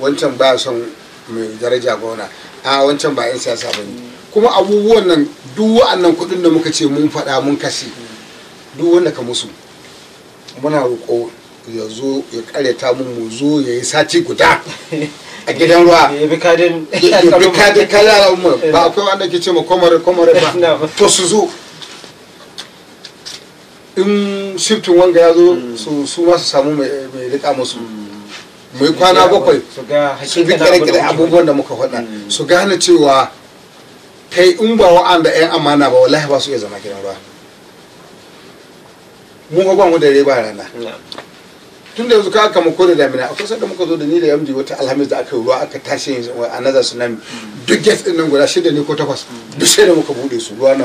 wancan ba son mai daraja gona a wancan ba 'yan siyasa ba ne kuma abubuwan nan duk wa'annan kudin da muka ce mun faɗa mun kashe duk wanda ka musu muna roƙo ya zo ya ƙaryata mun mu zo ya yi sati guda a gidan ruwa ya bi kadin kalara mu ba akwai wanda ke ce ma komare komare ba to su zo in shiftin wanga ya zo hmm. su ma su samu mai rika musu hmm. mai kwana bakwai su bi kare abubuwan da muka faɗa hmm. su gane cewa kai in ba da 'yan amana ba wallahi ba su iya zama gidan ruwa mun ga mu da reba rana tun da yanzu ka mako da damina kusa da muka zo da ni da yamji wata alhamis da aka yi ruwa aka tashi yanzu a nazar tsunami duk gas din nan guda shida ne ko takwas duk sai da muka bude su ruwa na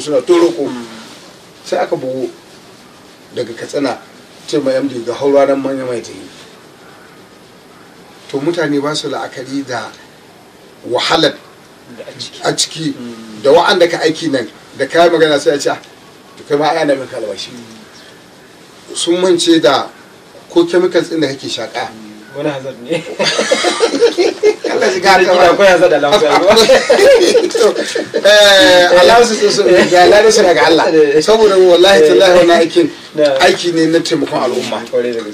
suna toroko sai aka bugu daga katsina ce ma yamji ga haura nan manya mai tayi to mutane ba su la'akari da wahalar a ciki da wa'anda ka aiki nan da kayan magana sai a ce ah, to kai ma ai ana maka albashi sun mance da ko chemicals din da kake shaka wani hazard ne Allah shi <laughs> eh, ga ka hazard alhamdulillah eh Allah su su lare daga Allah eh. aikin ne na taimakon al'umma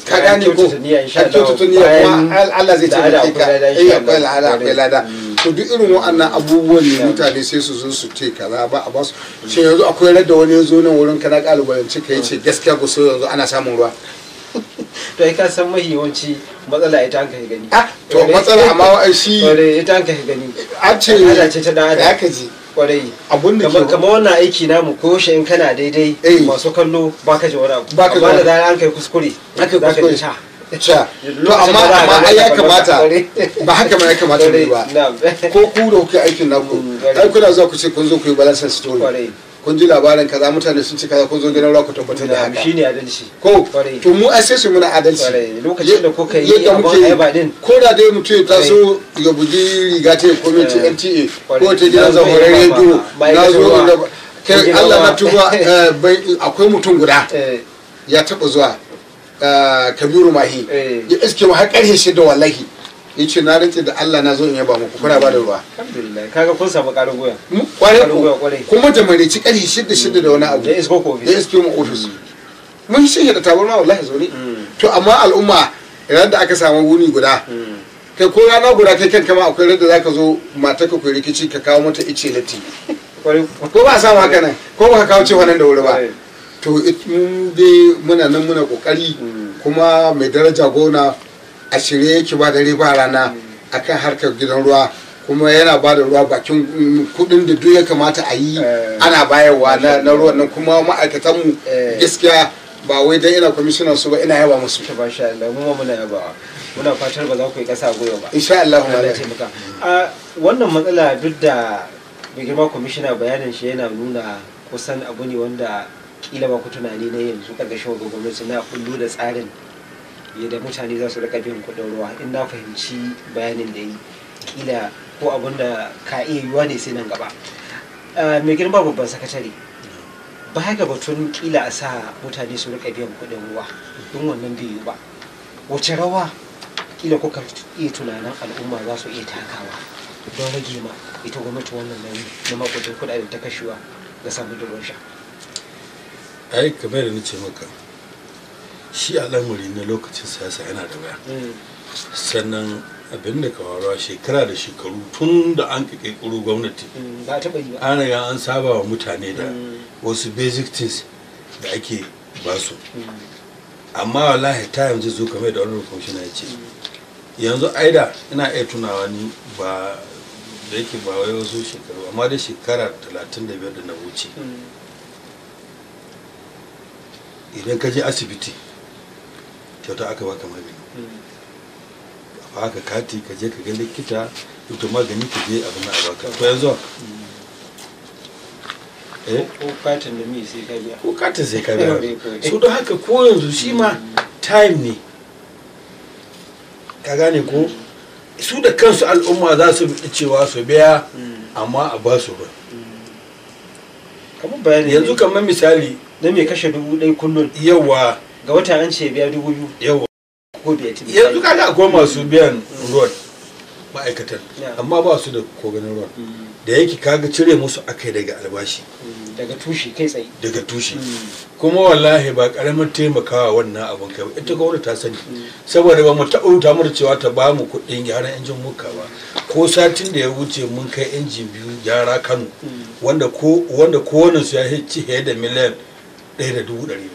ka gane ko ka kyautata niyya kuma Allah zai taimake ka eh akwai akwai lada eh, to duk irin wa'annan abubuwan ne mutane sai su zo su ce kaza ba a basu shin yanzu akwai radda wani ya zo nan wurin kana kalubalance kai ce gaskiya ku so yanzu ana samun ruwa <laughs> to ai ka san mahi yawanci matsala ita an gani gani ah, to matsala amma ai shi ita an gani a ce ya ce ta da ka ji abun da kamar wannan aiki namu ko shi in kana daidai eh. masu kallo baka ji wani abu ba da an kai kuskure aka kuskure to amma amma ai ya kamata ba haka ma ya kamata ne ba ko ku da kuke aikin naku mm, ai kuna zuwa ku ce kun zo ku yi balansan story kun ji labarin kaza mutane sun ci kaza kun zo gidan ku tabbatar da haka shine adalci ko to mu ai sai su muna adalci lokacin da kuka yi abun ai din ko da dai mutum ya taso ya bugi riga ta eh. ko ne ta NTA ko ta gidan zahorar rediyo na zo kai Allah na tuba <laughs> eh, akwai mutum guda eh. ya taba zuwa kabiru mahi ya iske mu har ƙarshe shi da wallahi ya ce na rantse da Allah na zo in yaba muku kuna ba da ruwa alhamdulillah kaga kun samu ƙarin goyon kwarai kuma da mareci ƙarshe shidda shidda da wani abu da iske ko ofis da iske mu ofis mun shi da tabarma wallahi zo ne to amma al'umma idan da aka samu wuni guda kai ko rana guda kai kanka ma akwai rada zaka zo matarka ku rikici ka kawo mata ice latti ko ba samu haka nan ko ba ka kawo cewa nan da wuri ba to mun dai muna nan muna kokari kuma mai daraja gona a shirye yake ba dare ba rana akan harkar gidan ruwa kuma yana ba da ruwa bakin kudin da duk ya kamata a yi eh. ana bayarwa na ruwan nan kuma ma'aikatanmu eh. gaskiya ba wai dan ina commissioner su ba ina yaba musu ba sha Allah mu muna yaba muna fatar ba za ku yi kasa goyo ba insha Allah mu Allah taimaka a wannan matsala duk da bai girma kwamishina bayanin shi yana nuna kusan abu ne wanda kila ba ku tunani na yanzu daga shugaban gwamnati na kullu da tsarin yadda mutane za su rika biyan kuɗin ruwa in na fahimci bayanin da yi kila ko abin da ka iya yiwuwa ne sai nan gaba mai girma babban sakatare Ba ga batun kila a sa mutane su rika biyan kuɗin ruwa don wannan bai yiwu ba wace rawa kila kuka iya tunanin al'umma za su iya takawa don rage ma ita gwamnati wannan nauyi na makudin kuɗaɗen ta kashewa ga samun ruwan sha ai kamar da nace maka shi a al'amari na lokacin siyasa yana da waya mm. sannan abin da kawarwa shekara da shekaru tun da an kirkiro gwamnati mm, an riga an saba wa mutane da mm. wasu basic things da ake ba su amma wallahi ta yanzu zo kamar da wani kwamishina ya ce yanzu aida ina iya tunawa ni ba da yake ba wai wasu shekaru amma da shekara biyar da na wuce idan ka je asibiti kyauta aka baka magani a ka kati ka je ka ga likita ita magani ka je abin da baka ko yanzu eh? ko katin da mi sai ka biya ko katin sai ka biya <laughs> so don haka ko yanzu shi ma time ne ka gane ko su da kansu al'umma za su bi cewa su biya mm. amma a ba su ba mm. kamar bayani yanzu kamar misali don mai kashe dubu ɗai kullum yawa ga wata an ce biya dubu biyu yawa ko biya tibi yanzu kaga akwai masu biyan ruwan ma'aikatan amma ba su da koganin ruwan mm. da yake kaga cire musu akai daga albashi mm. daga tushe kai tsaye daga tushe mm. kuma wallahi ba karamar taimakawa wannan abun kai ita gwamnati ta sani saboda ba mu taɓa ta mu cewa ta ba mu kuɗin gyaran injin muka ba ko satin da ya wuce mun kai injin biyu gyara Kano wanda ko wanda kowanne su ya hici da miliyan ɗaya da dubu ɗari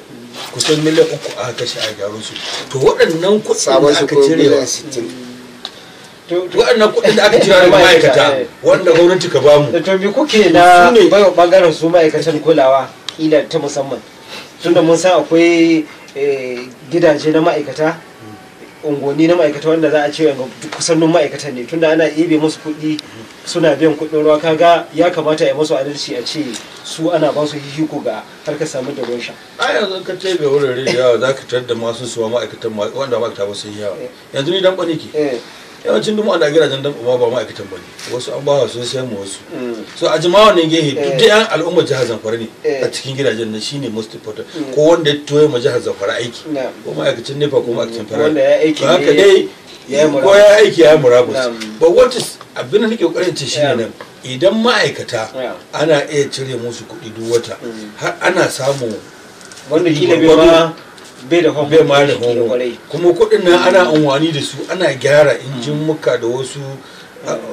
kusan miliyan uku aka kashe a gyaran su to waɗannan kuɗin da aka cirewa waɗannan kuɗin da aka cira daga ma'aikata <laughs> eh. wanda gwamnati ka bamu to me kuke na baiwa bangaren su ma'aikatan kulawa kila ta musamman tunda mun san akwai eh, gidaje na ma'aikata unguwanni na ma'aikata wanda za a ce kusan kusannin ma'aikata ne tunda ana ibe musu kuɗi suna biyan kuɗin ruwa kaga ya kamata ya musu adalci a ce su ana ba su hihiku ga har ka samu da ruwan sha a yanzu ka tebe wurin riyawa yawa za ka tarar da masu suwa ma'aikatan wanda ma'aikata ba su yi yawa eh. yanzu ni dan ɓani ke eh. yawancin a ana gidajen dan uba ba ma'aikatan bane wasu an ba su sai mu wasu mm. so a jama'a wannan gehe duk eh. da yan al'umma jihar Zamfara ne eh. a cikin gidajen nan shine most important mm. ko wanda ya toye ma jihar Zamfara aiki ko ma'aikacin fa ko ma'aikacin fara wanda ya aiki haka dai ko ya aiki ya murabus but what is abin da nake kokarin ce shine nan idan ma'aikata ana iya cire musu kuɗi duk wata mm. har ana samu wanda kila bai ma bai da hon bai ma da hon kuma kuɗin nan ana amfani da su ana gyara injin muka da wasu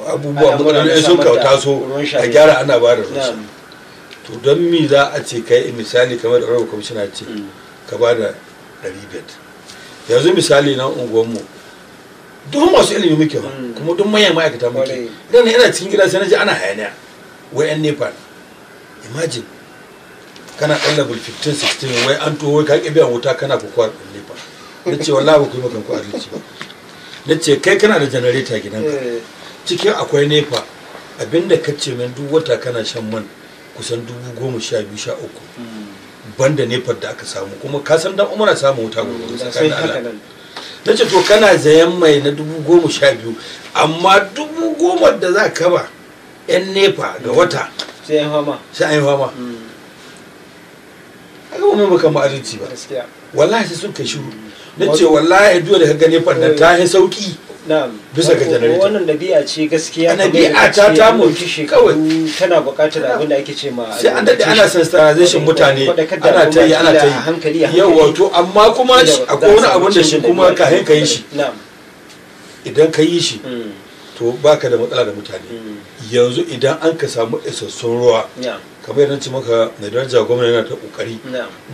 abubuwa mutane sun kauta so a gyara ana ba da rusu to don mi za a ce kai misali kamar da rawa kwamishina ce mm. ka ba da ɗari yanzu misali na unguwanmu duk masu ilimi muke ba mm. kuma duk manyan ma'aikata muke idan yana cikin gida sai na ji ana hayaniya wayan nepa imagine kana ɗan level 15 16 wai an tuwo ka ƙi biyan wuta kana ku ɗin nefa na ce wallahi ba ku yi makan ku adalci ba na ce kai kana da janareta gidanka eh. cikin akwai nefa abinda ka ce min duk wata kana shan man kusan dubu goma sha biyu sha uku hmm. banda nefa da aka samu kuma ka san dan umara samu wuta gobe hmm, tsakanin Allah na ce to kana zayan mai na dubu goma sha biyu amma dubu goma da za ka ba yan nefa ga wata sai an fama haka ba mu kan ba wallahi sai sun kai shiru na ce wallahi duk da ka gane fanna ta yi sauki bisa ga janareta wannan dabi'a ce gaskiya ana ta ta mulki kawai tana buƙatar abin da ake ce ma sai an dade ana sensitization mutane ana ta yi ana ta yi yau wato amma kuma a wani abin da shi kuma ka hin ka yi shi idan ka yi shi hmm. to baka da matsala da mutane hmm. yanzu idan an ka samu isassun ruwa kamar yadda maka mai daraja gwamna yana ta kokari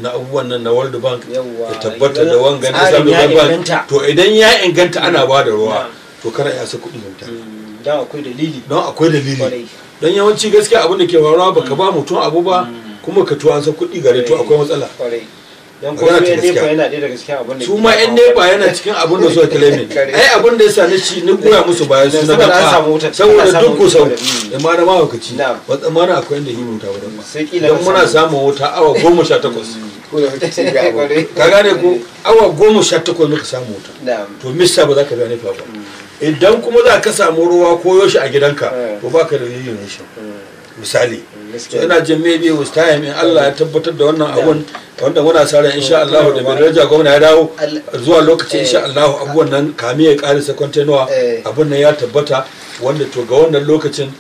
na abubuwan nan na world bank ya tabbata da wanga da sami bank to idan ya inganta ana ba da ruwa to kada ya sa kudin wuta mm, don akwai dalili don akwai dalili don yawanci gaskiya abin da ke faruwa baka ba mutum abu ba mm. kuma ka tuwa sa kuɗi gare to akwai matsala dan ko ne nefa yana ɗaya daga cikin abin da su ma yan nefa yana cikin abin da suka claim <laughs> ai abin da ya sani ci ni koya musu bayan su na ba saboda duk ku sau da mm. ma na ma wakaci ba tsammanin akwai inda himu ta wurin ba dan muna samun wuta awa goma sha takwas mm. <laughs> ka gane ko mm. awa goma sha takwas muka samu wuta to mista ba za ka gane nefa ba idan kuma za ka samu ruwa ko yoshi a gidanka eh. to ba ka da yin shi misali so ina jin maybe with time in Allah ya tabbatar da wannan abun wanda muna sa ran insha Allah da bai daraja gwamna ya dawo zuwa lokacin insha eh. Allah abubuwan nan kame ya karisa kwantenuwa eh. abun nan ya tabbata wanda to ga wannan lokacin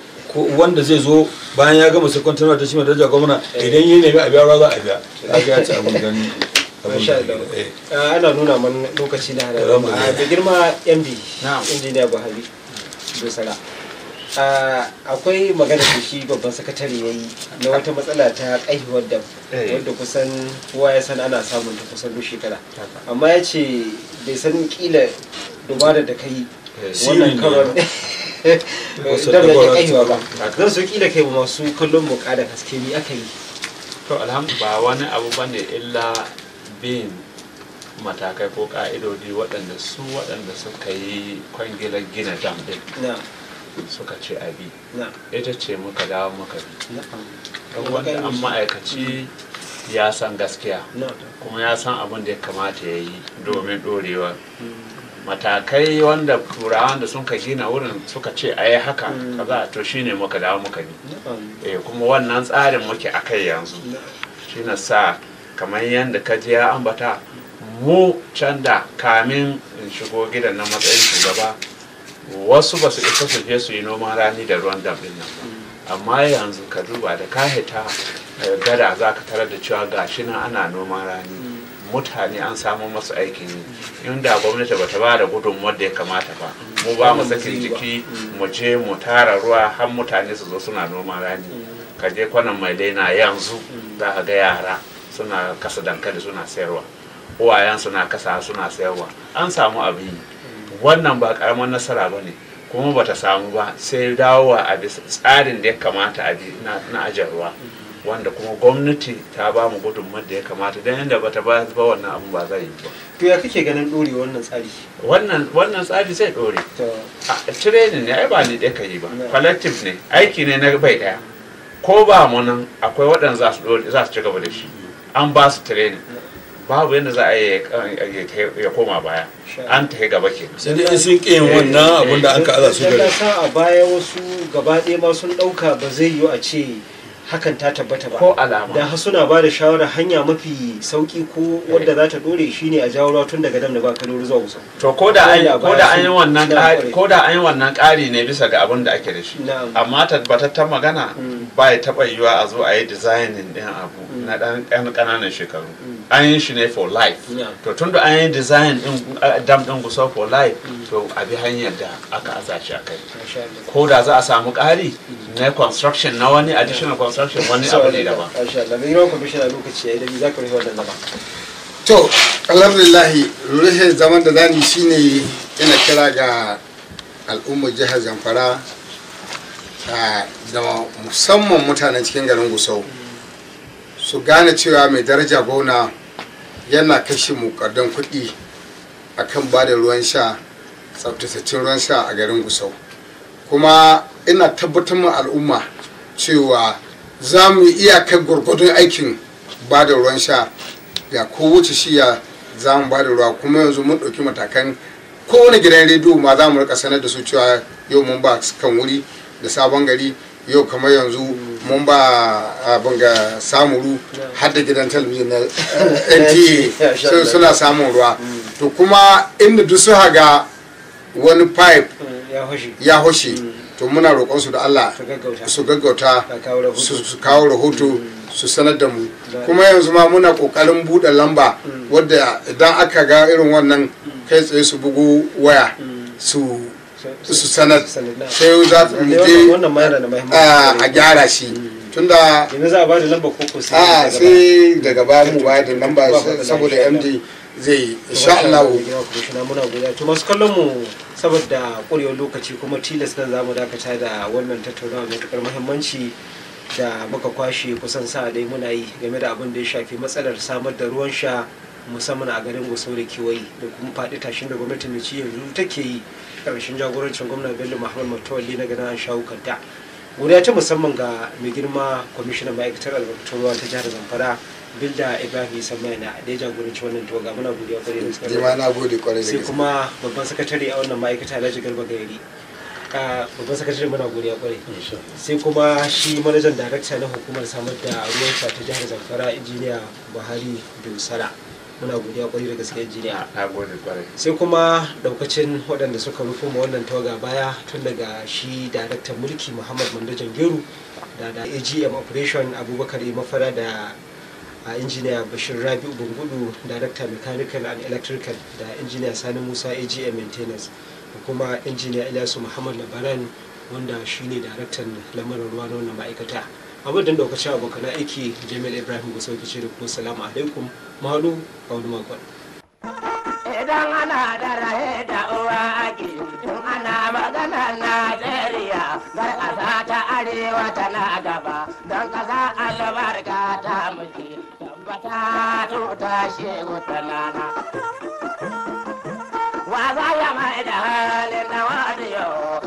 wanda zai zo bayan ya gama sakwantarwa ta shi mai daraja gwamna eh. idan ya nemi a biya ruwa za a biya ya ci abin gani ana nuna man lokaci na da ah, girma md injiniya buhari dosara akwai magana da shi babban sakatare ya yi na wata matsala ta kaihuwar da eh. wadda kusan kowa ya san ana samun ta kusan duk shekara amma ya ce bai san kila dubara da kai eh, wannan karon <laughs> <laughs> da bai ya kaihuwa ba zan so kila kai masu kallon mu da haske ni aka yi to alhamdulillah wani abu bane illa bin matakai ko ka'idodi waɗanda su waɗanda suka yi kwangilar gina dam din suka ce bi ita ce muka dawo muka bi don wanda an ma'aikaci ya san gaskiya kuma ya san abin da ya kamata ya yi domin dorewa mm. matakai wanda turawan da suka gina wurin suka ce a yi haka mm. kaza to shine muka dawo muka bi eh, kuma wannan tsarin muke a kai yanzu shi na sa kamar yadda ka ji ya ambata mu can kamin in shigo gidan na matsayin shugaba wasu ba su isa su je su yi noman rani da ruwan damin nan ba amma yanzu ka duba da ka hita eh, gada za ka tarar da cewa gashi nan ana noman rani mutane an samu masu aikin yi inda gwamnati ba ta ba da gudunmuwar da ya kamata ba mu ba mu sakin jiki mu je mu tara ruwa har mutane su zo suna noman rani ka je kwanan mai daina yanzu za ka ga yara suna kasa dankali suna sayarwa uwayen suna kasa suna sayarwa an samu abin yi wannan ba karamar nasara ba ne kuma bata samu ba sai dawowa a bi tsarin da ya kamata a bi na ajiyar ruwa wanda kuma gwamnati ta ba mu gudunmar da ya kamata don yadda bata ba ba wannan abun ba zai yi ba to ya kake ganin dore wannan tsari wannan wannan tsari zai dore training ne ai ba ni da yi ba collective ne aiki ne na bai daya ko ba mu nan akwai waɗanda za su ci gaba da shi an ba su training babu yadda za a ya koma baya an ta gaba ke sai dai sun ƙi wannan eh, abin da aka aza su gari sa a baya wasu gaba ɗaya ma sun ɗauka ba zai yi a ce hakan ta tabbata ba ko alama da suna ba da shawara hanya mafi sauki ko wadda za ta dore ne a jawo tun daga dam da ba kalori zuwa wusa to ko da an ko da an yi wannan ƙari ko da an yi wannan ƙari ne bisa ga abin da ake da shi amma tabbatattar magana mm. ba ya taɓa yiwa a zo a yi dizayin ɗin abu mm. na ɗan ƙananan shekaru mm. an yi shi ne for life to tun da an yi design din dam din gusa for life to a bi hanyar da aka aza shi a kai ko da za a samu ƙari na construction na wani additional construction wani abu ne daban to alhamdulillah ruhe zaman da zani shine ina kira ga al'ummar jihar zamfara da musamman mutanen cikin garin gusau su gane cewa mai daraja gona yana kashe mukardan kuɗi akan ba da ruwan sha tsaftataccen ruwan sha a garin gusau kuma ina tabbatar ma al'umma cewa za mu iya kai gwargwadon aikin ba da ruwan sha Ya ga kowace shiya za mu ba da ruwa kuma yanzu mun ɗauki matakan kowane gidan rediyo ma za mu rika sanar da su cewa yau mun ba kan wuri da sabon gari yau kamar yanzu mun ba abin ga samuru har da gidan talabijin na nta suna samun ruwa to kuma inda duk su haga wani pipe ya hoshe to muna roƙon su da Allah su gaggauta su kawo rahoto mm. su sanar da mu kuma yanzu ma muna ƙoƙarin buɗe lamba mm. wadda idan aka ga irin wannan mm. kai tsaye su bugu waya su su sanar sai za su je ah, a gyara shi hmm. tunda yanzu za a bada lamba koko sai ah, a sai daga baya mu bada lamba saboda md zai insha Allah muna godiya to masu kallon mu saboda ƙurewar lokaci kuma tilas nan zamu dakata da wannan tattaunawa mai tukar muhimmanci da muka kwashe kusan sa dai muna yi game da abin da ya shafi matsalar samar da ruwan sha musamman a garin gusau da kewaye da kuma faɗi tashin da gwamnati mai ci yanzu take yi ƙarshen jagorancin gwamnan bello muhammad matawalli na gana an shawo kanta ya ta musamman ga mai girma kwamishinan ma'aikatar albarkatun ruwa ta jihar zamfara bilda ibrahim samaina da ya jagoranci wannan ga muna godiya kwarai da gaske ma na gode kwarai da gaske sai kuma babban sakatare a wannan ma'aikata alhaji garba gayari babban sakatare muna godiya kwarai sai kuma shi manajan darakta na hukumar samar da ruwan sha ta jihar zamfara injiniya buhari dosara muna godiya kwarai da gaske injiniya sai kuma daukacin waɗanda suka rufo ma wannan tawaga baya tun daga shi daraktan mulki muhammad mandajan gero da da agm operation abubakar e mafara da injiniya bashir rabi bungudu darakta mechanical and electrical da injiniya sani musa agm maintenance da kuma injiniya ilyasu muhammad labaran wanda shine daraktan lamarin ruwa na wannan ma'aikata a madadin daukacin abokan aiki jamil ibrahim gusa wake ce da salamu alaikum malu a wani makon idan ana da raye da uwa ake ana magana najeriya zai a ta arewa tana gaba don kasa albarka ta muke tabbata tuta shegu tanana wa za ya mai da halin na wadiyo